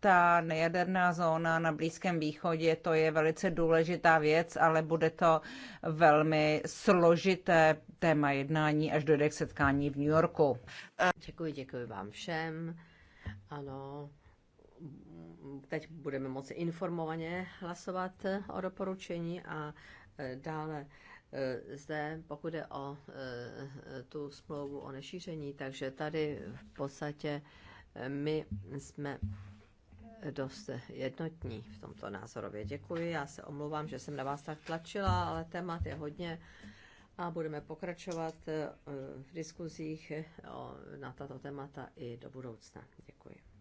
ta nejaderná zóna na Blízkém východě, to je velice důležitá věc, ale bude to velmi složité téma jednání, až dojde k setkání v New Yorku. Děkuji, děkuji vám všem. Ano, teď budeme moci informovaně hlasovat o doporučení a e, dále e, zde, pokud je o e, tu smlouvu o nešíření, takže tady v podstatě my jsme dost jednotní v tomto názorově. Děkuji, já se omlouvám, že jsem na vás tak tlačila, ale témat je hodně a budeme pokračovat v diskuzích na tato témata i do budoucna. Děkuji.